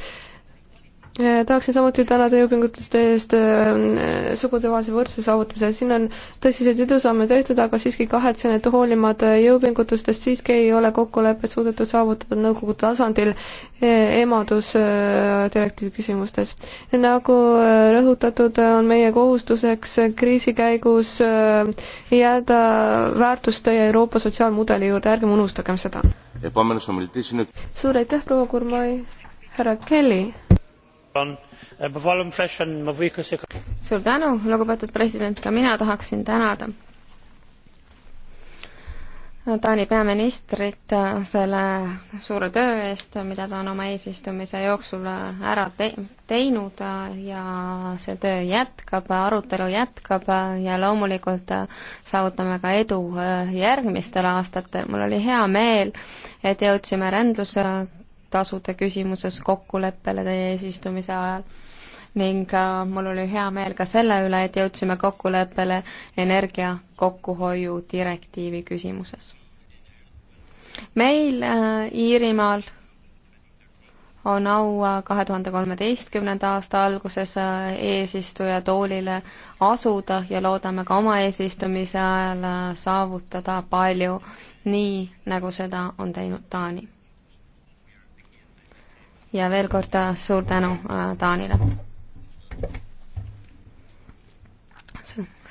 Äh, tahaksin samuti tänada jõupingutuste eest äh, sugudevahelise võrdsuse saavutamisel. siin on tõsiseid edusamme tehtud, aga siiski kahetsen, et hoolimata jõupingutustest siiski ei ole kokkulepet suudetud saavutada nõukogu tasandil äh, emadusdirektiivi küsimustes. nagu rõhutatud, on meie kohustuseks kriisi käigus jääda väärtuste ja Euroopa sotsiaalmudeli juurde, ärgem unustagem seda. suur aitäh, proua Kurmai, härra Kelly Eh, suur tänu, lugupeetud president, ka mina tahaksin tänada Taani peaministrit eh, selle suure töö eest, mida ta on oma eesistumise jooksul eh, ära te-, teinud ja see töö jätkab, arutelu jätkab ja loomulikult saavutame ka edu järgmistel aastatel. mul oli hea meel, et jõudsime rändlus- tasude küsimuses kokkuleppele teie eesistumise ajal ning äh, mul oli hea meel ka selle üle, et jõudsime kokkuleppele energia kokkuhoiu direktiivi küsimuses. meil äh, Iirimaal on au äh, kahe tuhande kolmeteistkümnenda aasta alguses eesistuja toolile asuda ja loodame ka oma eesistumise ajal saavutada palju, nii nagu seda on teinud Taani ja veel kord äh, suur tänu äh, Taanile.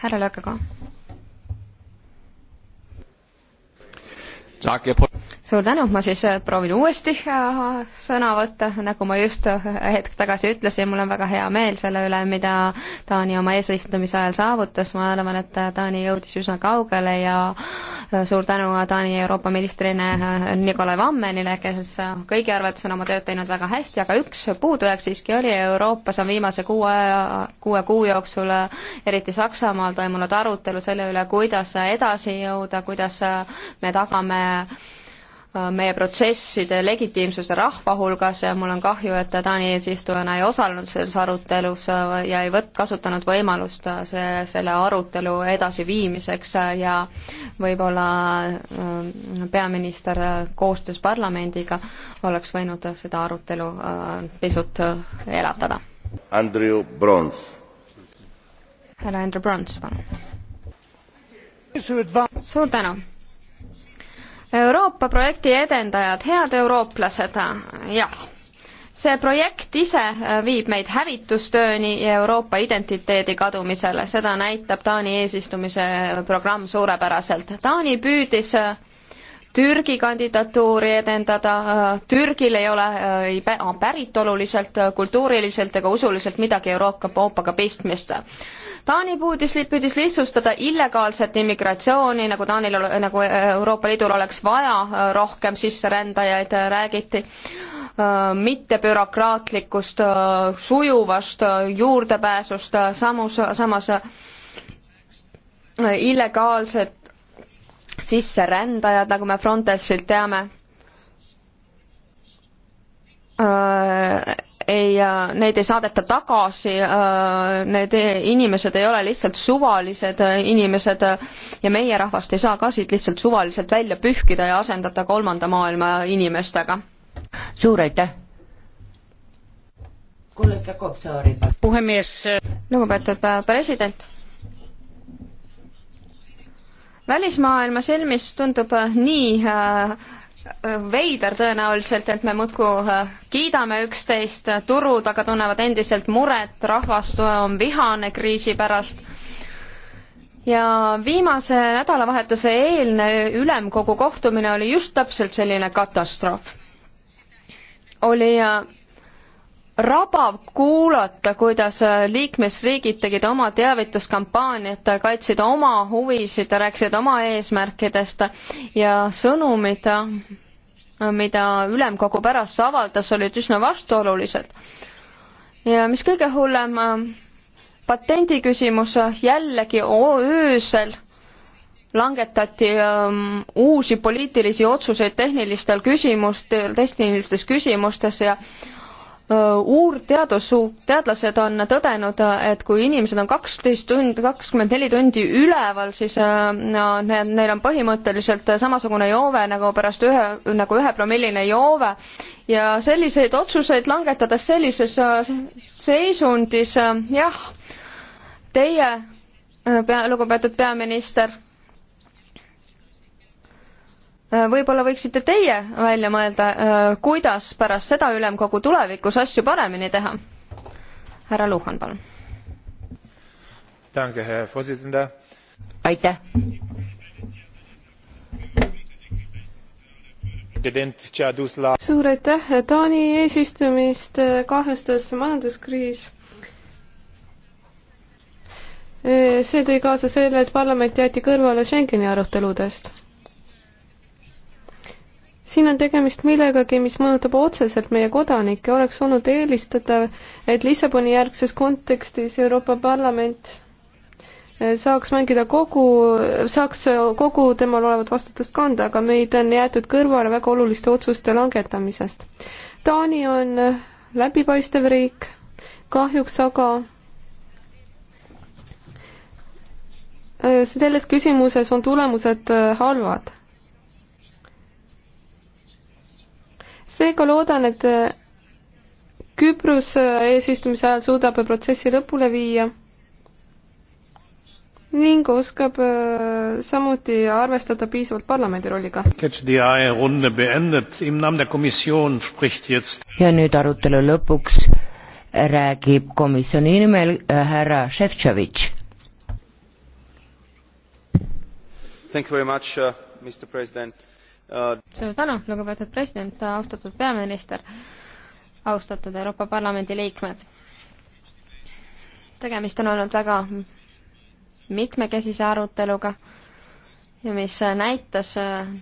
härra Lõkkega suur tänu, ma siis äh, proovin uuesti äh, sõna võtta, nagu ma just äh, hetk tagasi ütlesin, mul on väga hea meel selle üle, mida Taani oma eesistumise ajal saavutas, ma arvan, et Taani jõudis üsna kaugele ja suur tänu Taani Euroopa ministrile Nikolai Vammenile, kes kõigi arvates on oma tööd teinud väga hästi, aga üks puudujääk siiski oli, Euroopas on viimase kuue, kuue kuu jooksul eriti Saksamaal toimunud arutelu selle üle, kuidas edasi jõuda, kuidas me tagame Äh, meie protsesside legitiimsuse rahva hulgas ja mul on kahju, et Taani eesistujana ei osalenud selles arutelus äh, ja ei võt-, kasutanud võimalust äh, see, selle arutelu edasiviimiseks ja võib-olla peaminister koostöös parlamendiga oleks võinud seda arutelu pisut elavdada. Andrew Brons. härra Andrew Brons, palun. suur tänu Euroopa projekti edendajad, head eurooplased, jah. see projekt ise äh, viib meid hävitustööni ja Euroopa identiteedi kadumisele, seda näitab Taani eesistumise programm suurepäraselt. Taani püüdis äh, Türgi kandidatuuri edendada, äh, Türgil ei ole äh, ei päritoluliselt, äh, kultuuriliselt ega usuliselt midagi Euroopa oopaga pistmist. Taani puudis, püüdis lihtsustada illegaalset immigratsiooni, nagu Taanil, nagu Euroopa Liidul oleks vaja rohkem sisserändajaid, räägiti mittebürokraatlikust, sujuvast juurdepääsust, samus, samas illegaalsed sisserändajad, nagu me Frontexilt teame äh,, ei, äh, neid ei saadeta tagasi äh,, need inimesed ei ole lihtsalt suvalised äh, inimesed äh, ja meie rahvast ei saa ka siit lihtsalt suvaliselt välja pühkida ja asendada kolmanda maailma inimestega. suur aitäh! puhemies lugupeetud president välismaailma silmis tundub äh, nii äh, äh, veider tõenäoliselt, et me muudkui kiidame üksteist, turud aga tunnevad endiselt muret, rahvas on vihane kriisi pärast. ja viimase nädalavahetuse eelne ülemkogu kohtumine oli just täpselt selline katastroof. oli rabav kuulata, kuidas äh, liikmesriigid tegid oma teavituskampaaniat, kaitsid oma huvisid, rääkisid oma eesmärkidest ja sõnumid, äh, mida ülemkogu pärast avaldas, olid üsna vastuolulised. ja mis kõige hullem, äh, patendiküsimus jällegi öösel langetati um, uusi poliitilisi otsuseid tehnilistel küsimustel, tehnilistes küsimustes ja uurteadus, teadlased on tõdenud, et kui inimesed on kaksteist tundi, kakskümmend neli tundi üleval, siis äh, no, neil on põhimõtteliselt samasugune joove nagu pärast ühe, nagu ühepromilline joove ja selliseid otsuseid langetades sellises äh, seisundis, äh, jah, teie pea, lugupeetud peaminister Äh, võib-olla võiksite teie välja mõelda, äh, kuidas pärast seda ülemkogu tulevikus asju paremini teha. härra Luhan, palun. aitäh. suur aitäh, Taani eesistumist äh, kahjustas majanduskriis see tõi kaasa selle, et parlament jäeti kõrvale Schengeni aruteludest siin on tegemist millegagi, mis mõjutab otseselt meie kodanikke, oleks olnud eelistatav, et Lissaboni järgses kontekstis Euroopa Parlament eh, saaks mängida kogu, saaks kogu temal olevat vastutust kanda, aga meid on jäetud kõrvale väga oluliste otsuste langetamisest. Taani on eh, läbipaistev riik, kahjuks aga eh, selles küsimuses on tulemused halvad seega loodan, et äh, Küpros äh, eesistumise ajal suudab äh, protsessi lõpule viia ning oskab samuti arvestada piisavalt parlamendi rolliga. ja nüüd arutelu lõpuks räägib komisjoni nimel härra Šefčovitš. Thank you very much uh,, Mr President suur tänu, lugupeetud president, austatud peaminister, austatud Euroopa Parlamendi liikmed. tegemist on olnud väga mitmekesise aruteluga ja mis näitas,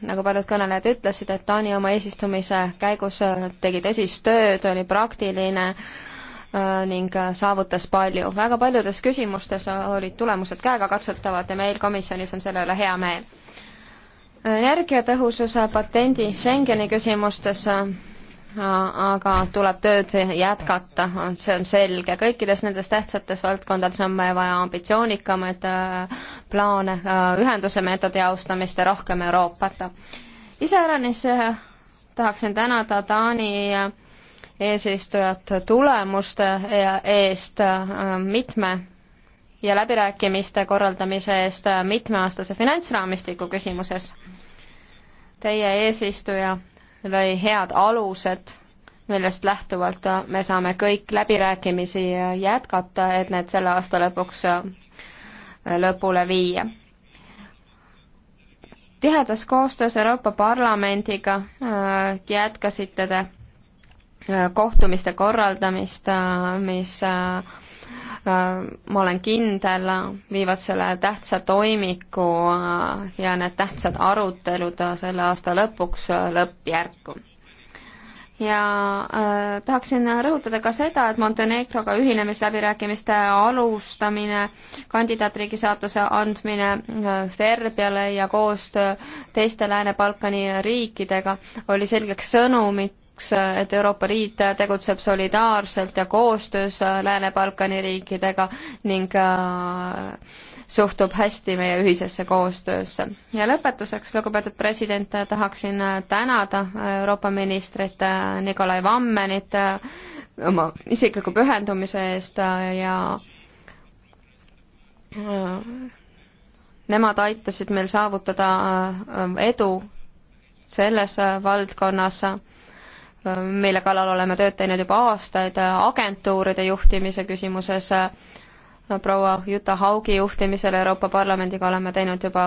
nagu paljud kõnelejad ütlesid, et Taani oma eesistumise käigus tegi tõsist tööd, oli praktiline äh, ning saavutas palju. väga paljudes küsimustes olid tulemused käegakatsutavad ja meil komisjonis on selle üle hea meel energiatõhususe patendi Schengeni küsimustes äh, aga tuleb tööd jätkata, see on selge. kõikides nendes tähtsates valdkondades on meil vaja ambitsioonikamaid äh, plaane, äh, ühenduse meetodi austamist ja rohkem Euroopat. iseäranis tahaksin tänada Taani eesistujat tulemuste eest mitme ja läbirääkimiste korraldamise eest mitmeaastase finantsraamistiku küsimuses. Teie eesistuja lõi head alused, millest lähtuvalt me saame kõik läbirääkimisi jätkata, et need selle aasta lõpuks lõpule viia. tihedas koostöös Euroopa Parlamendiga äh, jätkasite te äh, kohtumiste korraldamist, äh, mis Äh, ma olen kindel, viivad selle tähtsa toimiku äh, ja need tähtsad arutelud äh, selle aasta lõpuks lõppjärku. ja äh, tahaksin rõhutada ka seda, et Montenegroga ühinemisläbirääkimiste alustamine, kandidaatriigi saatuse andmine Serbiale ja koostöö teiste Lääne-Balkani riikidega oli selgeks sõnumiks, kaks, et Euroopa Liit tegutseb solidaarselt ja koostöös Lääne-Balkani riikidega ning äh, suhtub hästi meie ühisesse koostöösse. ja lõpetuseks, lugupeetud president, tahaksin tänada Euroopa ministrit Nikolai Vammenit äh, oma isikliku pühendumise eest äh, ja nemad aitasid meil saavutada edu selles valdkonnas mille kallal oleme tööd teinud juba aastaid agentuuride juhtimise küsimuses, proua Juta Haugi juhtimisel Euroopa Parlamendiga oleme teinud juba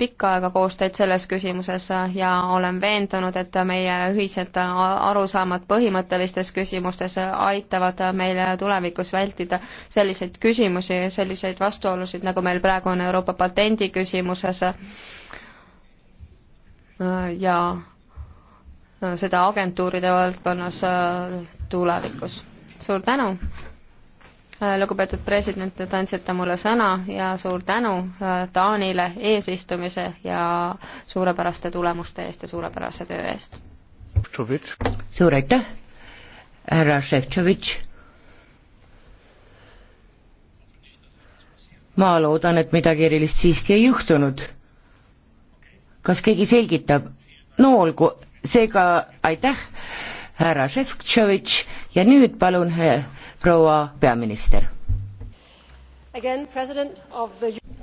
pikka aega koostööd selles küsimuses ja olen veendunud, et meie ühised arusaamad põhimõttelistes küsimustes aitavad meil tulevikus vältida selliseid küsimusi, selliseid vastuolusid, nagu meil praegu on Euroopa patendi küsimuses ja seda agentuuride valdkonnas äh, tulevikus. suur tänu, äh, lugupeetud president, et andsite mulle sõna ja suur tänu äh, Taanile eesistumise ja suurepäraste tulemuste eest ja suurepärase töö eest. suur aitäh, härra Šeftšovitš. ma loodan, et midagi erilist siiski ei juhtunud. kas keegi selgitab? no olgu seega aitäh, härra Šefčovitš ja nüüd palun proua peaminister. The...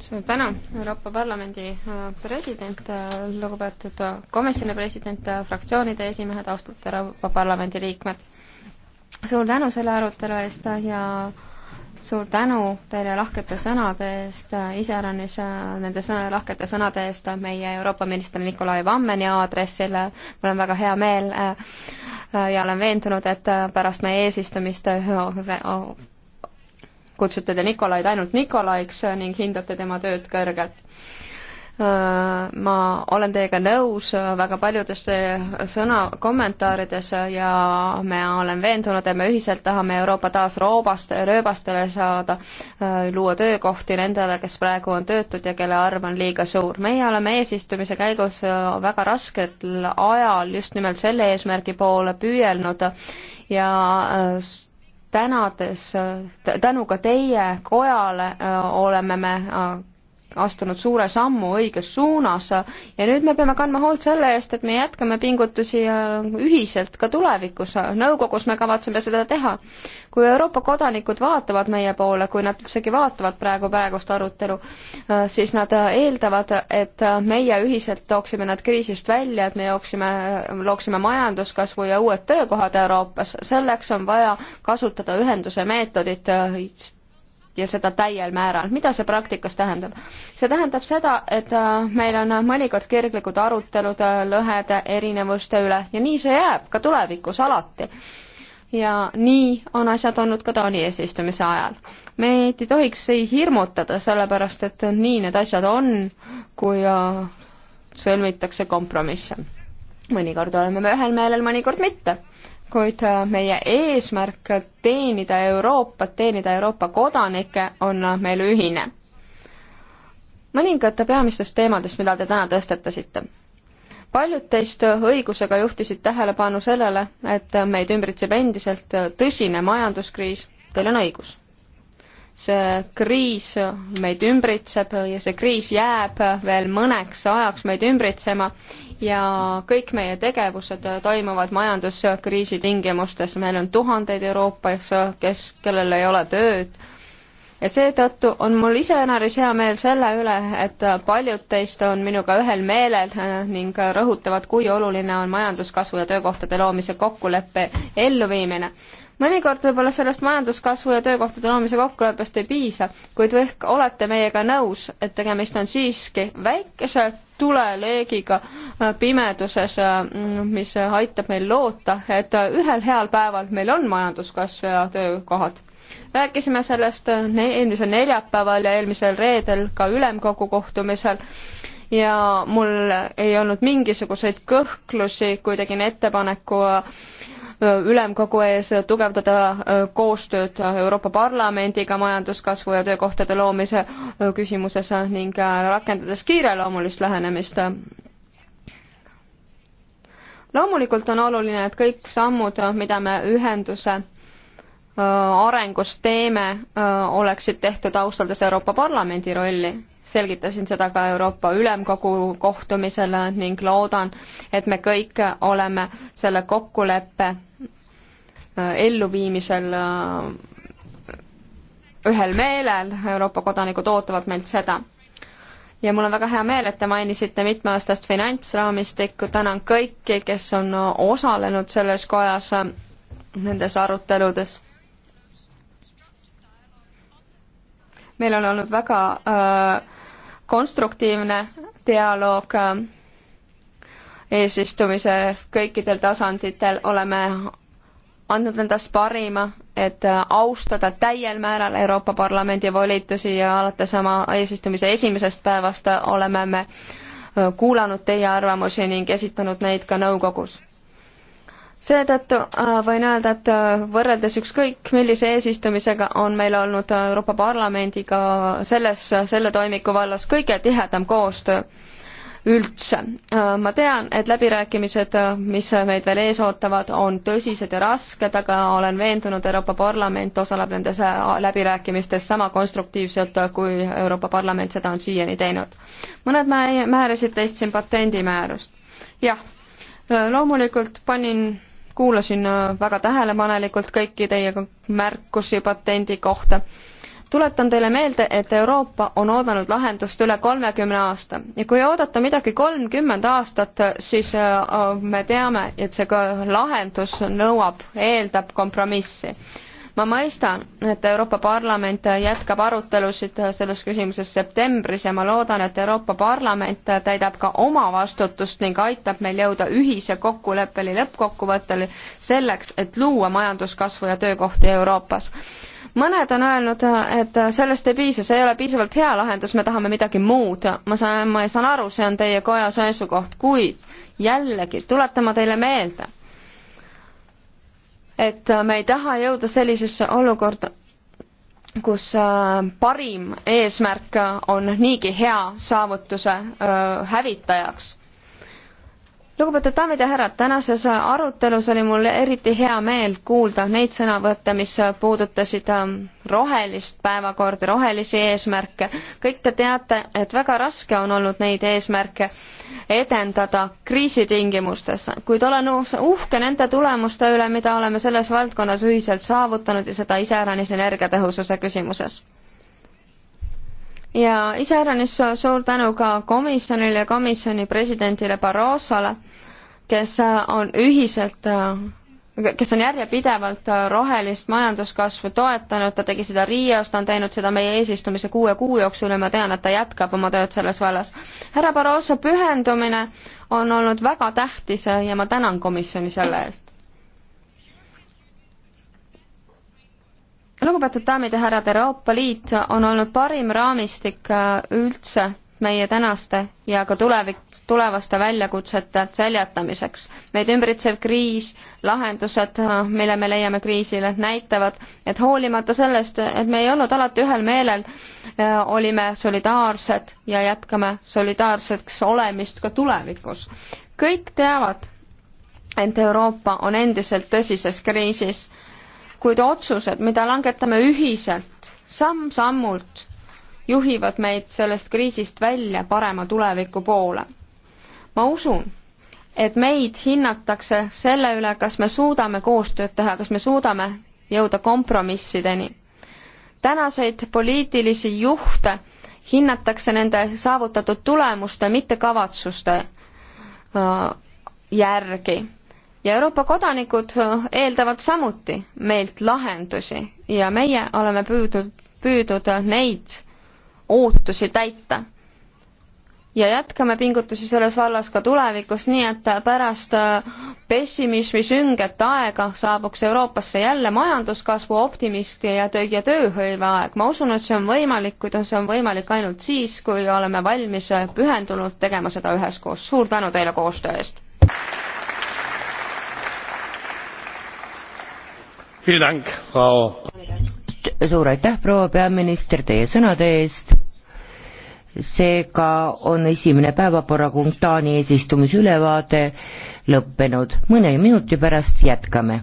suur tänu, Euroopa Parlamendi äh, president, äh, lugupeetud äh, komisjoni president, fraktsioonide esimehed, austatud Euroopa Parlamendi liikmed. suur tänu selle arutelu eest ja suur tänu teile lahkete sõnade eest, äh, iseäranis äh, nende sõna, lahkete sõnade eest meie Euroopa ministri Nikolai Vammeni aadressil. mul on väga hea meel äh, ja olen veendunud, et pärast meie eesistumist kutsute te Nikolaid ainult Nikolaiks ning hindate tema tööd kõrgelt ma olen teiega nõus väga paljudes teie sõna, kommentaarides ja ma olen veendunud, et me ühiselt tahame Euroopa taas roobast, rööbastele saada, äh, luua töökohti nendele, kes praegu on töötud ja kelle arv on liiga suur. meie oleme eesistumise käigus äh, väga raskel ajal just nimelt selle eesmärgi poole püüelnud ja äh, tänades, tänu ka teie kojale oleme me astunud suure sammu õiges suunas ja nüüd me peame kandma hoolt selle eest, et me jätkame pingutusi äh, ühiselt ka tulevikus. nõukogus me kavatseme seda teha. kui Euroopa kodanikud vaatavad meie poole, kui nad üldsegi vaatavad praegu praegust arutelu, äh, siis nad äh, eeldavad, et meie ühiselt tooksime nad kriisist välja, et me jooksime, looksime majanduskasvu ja uued töökohad Euroopas. selleks on vaja kasutada ühenduse meetodit ja seda täiel määral. mida see praktikas tähendab? see tähendab seda, et äh, meil on mõnikord kirglikud arutelud äh, lõhede erinevuste üle ja nii see jääb ka tulevikus alati. ja nii on asjad olnud ka Taani eesistumise ajal. meid ei tohiks ei hirmutada, sellepärast et nii need asjad on, kui äh, sõlmitakse kompromisse. mõnikord oleme me ühel meelel, mõnikord mitte kuid äh, meie eesmärk teenida Euroopat, teenida Euroopa kodanikke on äh, meil ühine. mõningate peamistest teemadest, mida te täna tõstetasite. paljud teist õigusega juhtisid tähelepanu sellele, et meid ümbritseb endiselt tõsine majanduskriis, teil on õigus see kriis meid ümbritseb ja see kriis jääb veel mõneks ajaks meid ümbritsema ja kõik meie tegevused toimuvad majanduskriisi tingimustes. meil on tuhandeid Euroopas, kes, kellel ei ole tööd. ja seetõttu on mul iseenesest hea meel selle üle, et paljud teist on minuga ühel meelel ning rõhutavad, kui oluline on majanduskasvu ja töökohtade loomise kokkuleppe elluviimine mõnikord võib-olla sellest majanduskasvu ja töökohtade loomise kokkuleppest ei piisa, kuid ehk olete meiega nõus, et tegemist on siiski väikese tuleleegiga äh, pimeduses, äh, mm, mis aitab meil loota, et äh, ühel heal päeval meil on majanduskasv ja töökohad rääkisime sellest ne eelmisel neljapäeval ja eelmisel reedel ka ülemkogu kohtumisel ja mul ei olnud mingisuguseid kõhklusi, kui tegin ettepaneku äh, ülemkogu ees, tugevdada äh, koostööd Euroopa Parlamendiga majanduskasvu ja töökohtade loomise äh, küsimuses ning äh, rakendades kiireloomulist lähenemist. loomulikult on oluline, et kõik sammud, mida me ühenduse arengus teeme, oleksid tehtud austades Euroopa Parlamendi rolli. selgitasin seda ka Euroopa Ülemkogu kohtumisel ning loodan, et me kõik oleme selle kokkuleppe Äh, elluviimisel äh, ühel meelel, Euroopa kodanikud ootavad meilt seda. ja mul on väga hea meel, et te mainisite mitmeaastast finantsraamistikku, tänan kõiki, kes on osalenud selles kojas, äh, nendes aruteludes. meil on olnud väga äh, konstruktiivne dialoog äh, eesistumise kõikidel tasanditel, oleme andnud endast parima, et äh, austada täiel määral Euroopa Parlamendi volitusi ja alates oma eesistumise esimesest päevast oleme me äh, kuulanud teie arvamusi ning esitanud neid ka nõukogus. seetõttu äh, võin öelda, et võrreldes ükskõik millise eesistumisega on meil olnud Euroopa Parlamendiga selles, selle toimiku vallas kõige tihedam koostöö üldse. Äh, ma tean, et läbirääkimised, äh, mis meid veel ees ootavad, on tõsised ja rasked, aga olen veendunud, Euroopa Parlament osaleb nendes äh, läbirääkimistes sama konstruktiivselt, kui Euroopa Parlament seda on siiani teinud. mõned määrasid teist siin patendimäärust. jah, loomulikult panin kuulasin väga tähelepanelikult kõiki teie märkusi patendi kohta tuletan teile meelde, et Euroopa on oodanud lahendust üle kolmekümne aasta ja kui oodata midagi kolmkümmend aastat, siis äh, äh, me teame, et see lahendus nõuab, eeldab kompromissi. ma mõistan, et Euroopa Parlament jätkab arutelusid selles küsimuses septembris ja ma loodan, et Euroopa Parlament täidab ka oma vastutust ning aitab meil jõuda ühise kokkuleppeni lõppkokkuvõtteni selleks, et luua majanduskasvu ja töökohti Euroopas mõned on öelnud, et sellest ei piisa, see ei ole piisavalt hea lahendus, me tahame midagi muud. ma saan, ma saan aru, see on teie koja seisukoht, kuid jällegi tuletan ma teile meelde, et me ei taha jõuda sellisesse olukorda, kus äh, parim eesmärk on niigi hea saavutuse äh, hävitajaks lugupeetud daamid ja härrad, tänases arutelus oli mul eriti hea meel kuulda neid sõnavõtte, mis puudutasid ähm, rohelist päevakorda, rohelisi eesmärke. kõik te teate, et väga raske on olnud neid eesmärke edendada kriisitingimustes, kuid olen uhke nende tulemuste üle, mida oleme selles valdkonnas ühiselt saavutanud ja seda iseäranis energiatõhususe küsimuses ja iseäranis suur tänu ka komisjonile ja komisjoni presidendile Barrosole, kes äh, on ühiselt äh, kes on järjepidevalt äh, rohelist majanduskasvu toetanud, ta tegi seda Riios, ta on teinud seda meie eesistumise kuue kuu jooksul ja ma tean, et ta jätkab oma tööd selles vallas. härra Barroso pühendumine on olnud väga tähtis ja ma tänan komisjoni selle eest. lugupeetud daamid ja härrad, Euroopa Liit on olnud parim raamistik äh, üldse meie tänaste ja ka tulevik, tulevaste väljakutsete seljatamiseks. meid ümbritsev kriis, lahendused, äh, mille me leiame kriisile, näitavad, et hoolimata sellest, et me ei olnud alati ühel meelel, äh, olime solidaarsed ja jätkame solidaarseks olemist ka tulevikus. kõik teavad, et Euroopa on endiselt tõsises kriisis kuid otsused, mida langetame ühiselt, samm-sammult, juhivad meid sellest kriisist välja parema tuleviku poole. ma usun, et meid hinnatakse selle üle, kas me suudame koostööd teha, kas me suudame jõuda kompromissideni. tänaseid poliitilisi juhte hinnatakse nende saavutatud tulemuste, mitte kavatsuste äh, järgi ja Euroopa kodanikud äh, eeldavad samuti meilt lahendusi ja meie oleme püüdnud, püüdnud äh, neid ootusi täita. ja jätkame pingutusi selles vallas ka tulevikus, nii et äh, pärast pessimismi sünget aega saabuks Euroopasse jälle majanduskasvu, optimisti ja töö ja tööhõive aeg. ma usun, et see on võimalik, kuid see on võimalik ainult siis, kui oleme valmis pühendunult tegema seda üheskoos. suur tänu teile koostöö eest! suur aitäh, proua peaminister, teie sõnade eest. seega on esimene päevakorrapunkt Taani eesistumise ülevaade lõppenud, mõne minuti pärast jätkame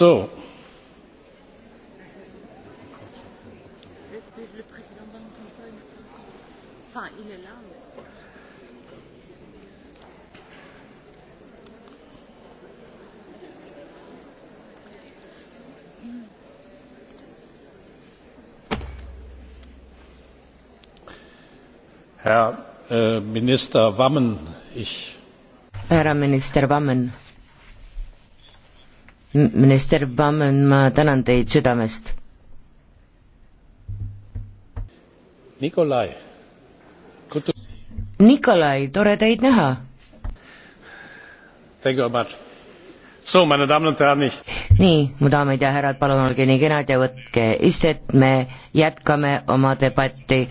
So. Le président Van Rompuy n'est pas encore. Enfin, il est là. Mais... Herr äh, Minister Wammen, ich. Herr Minister Wammen minister Bammen, ma tänan teid südamest. Nikolai. Nikolai, tore teid näha. So, nii, mu daamid ja härrad, palun olge nii kenad ja võtke istet, me jätkame oma debatti.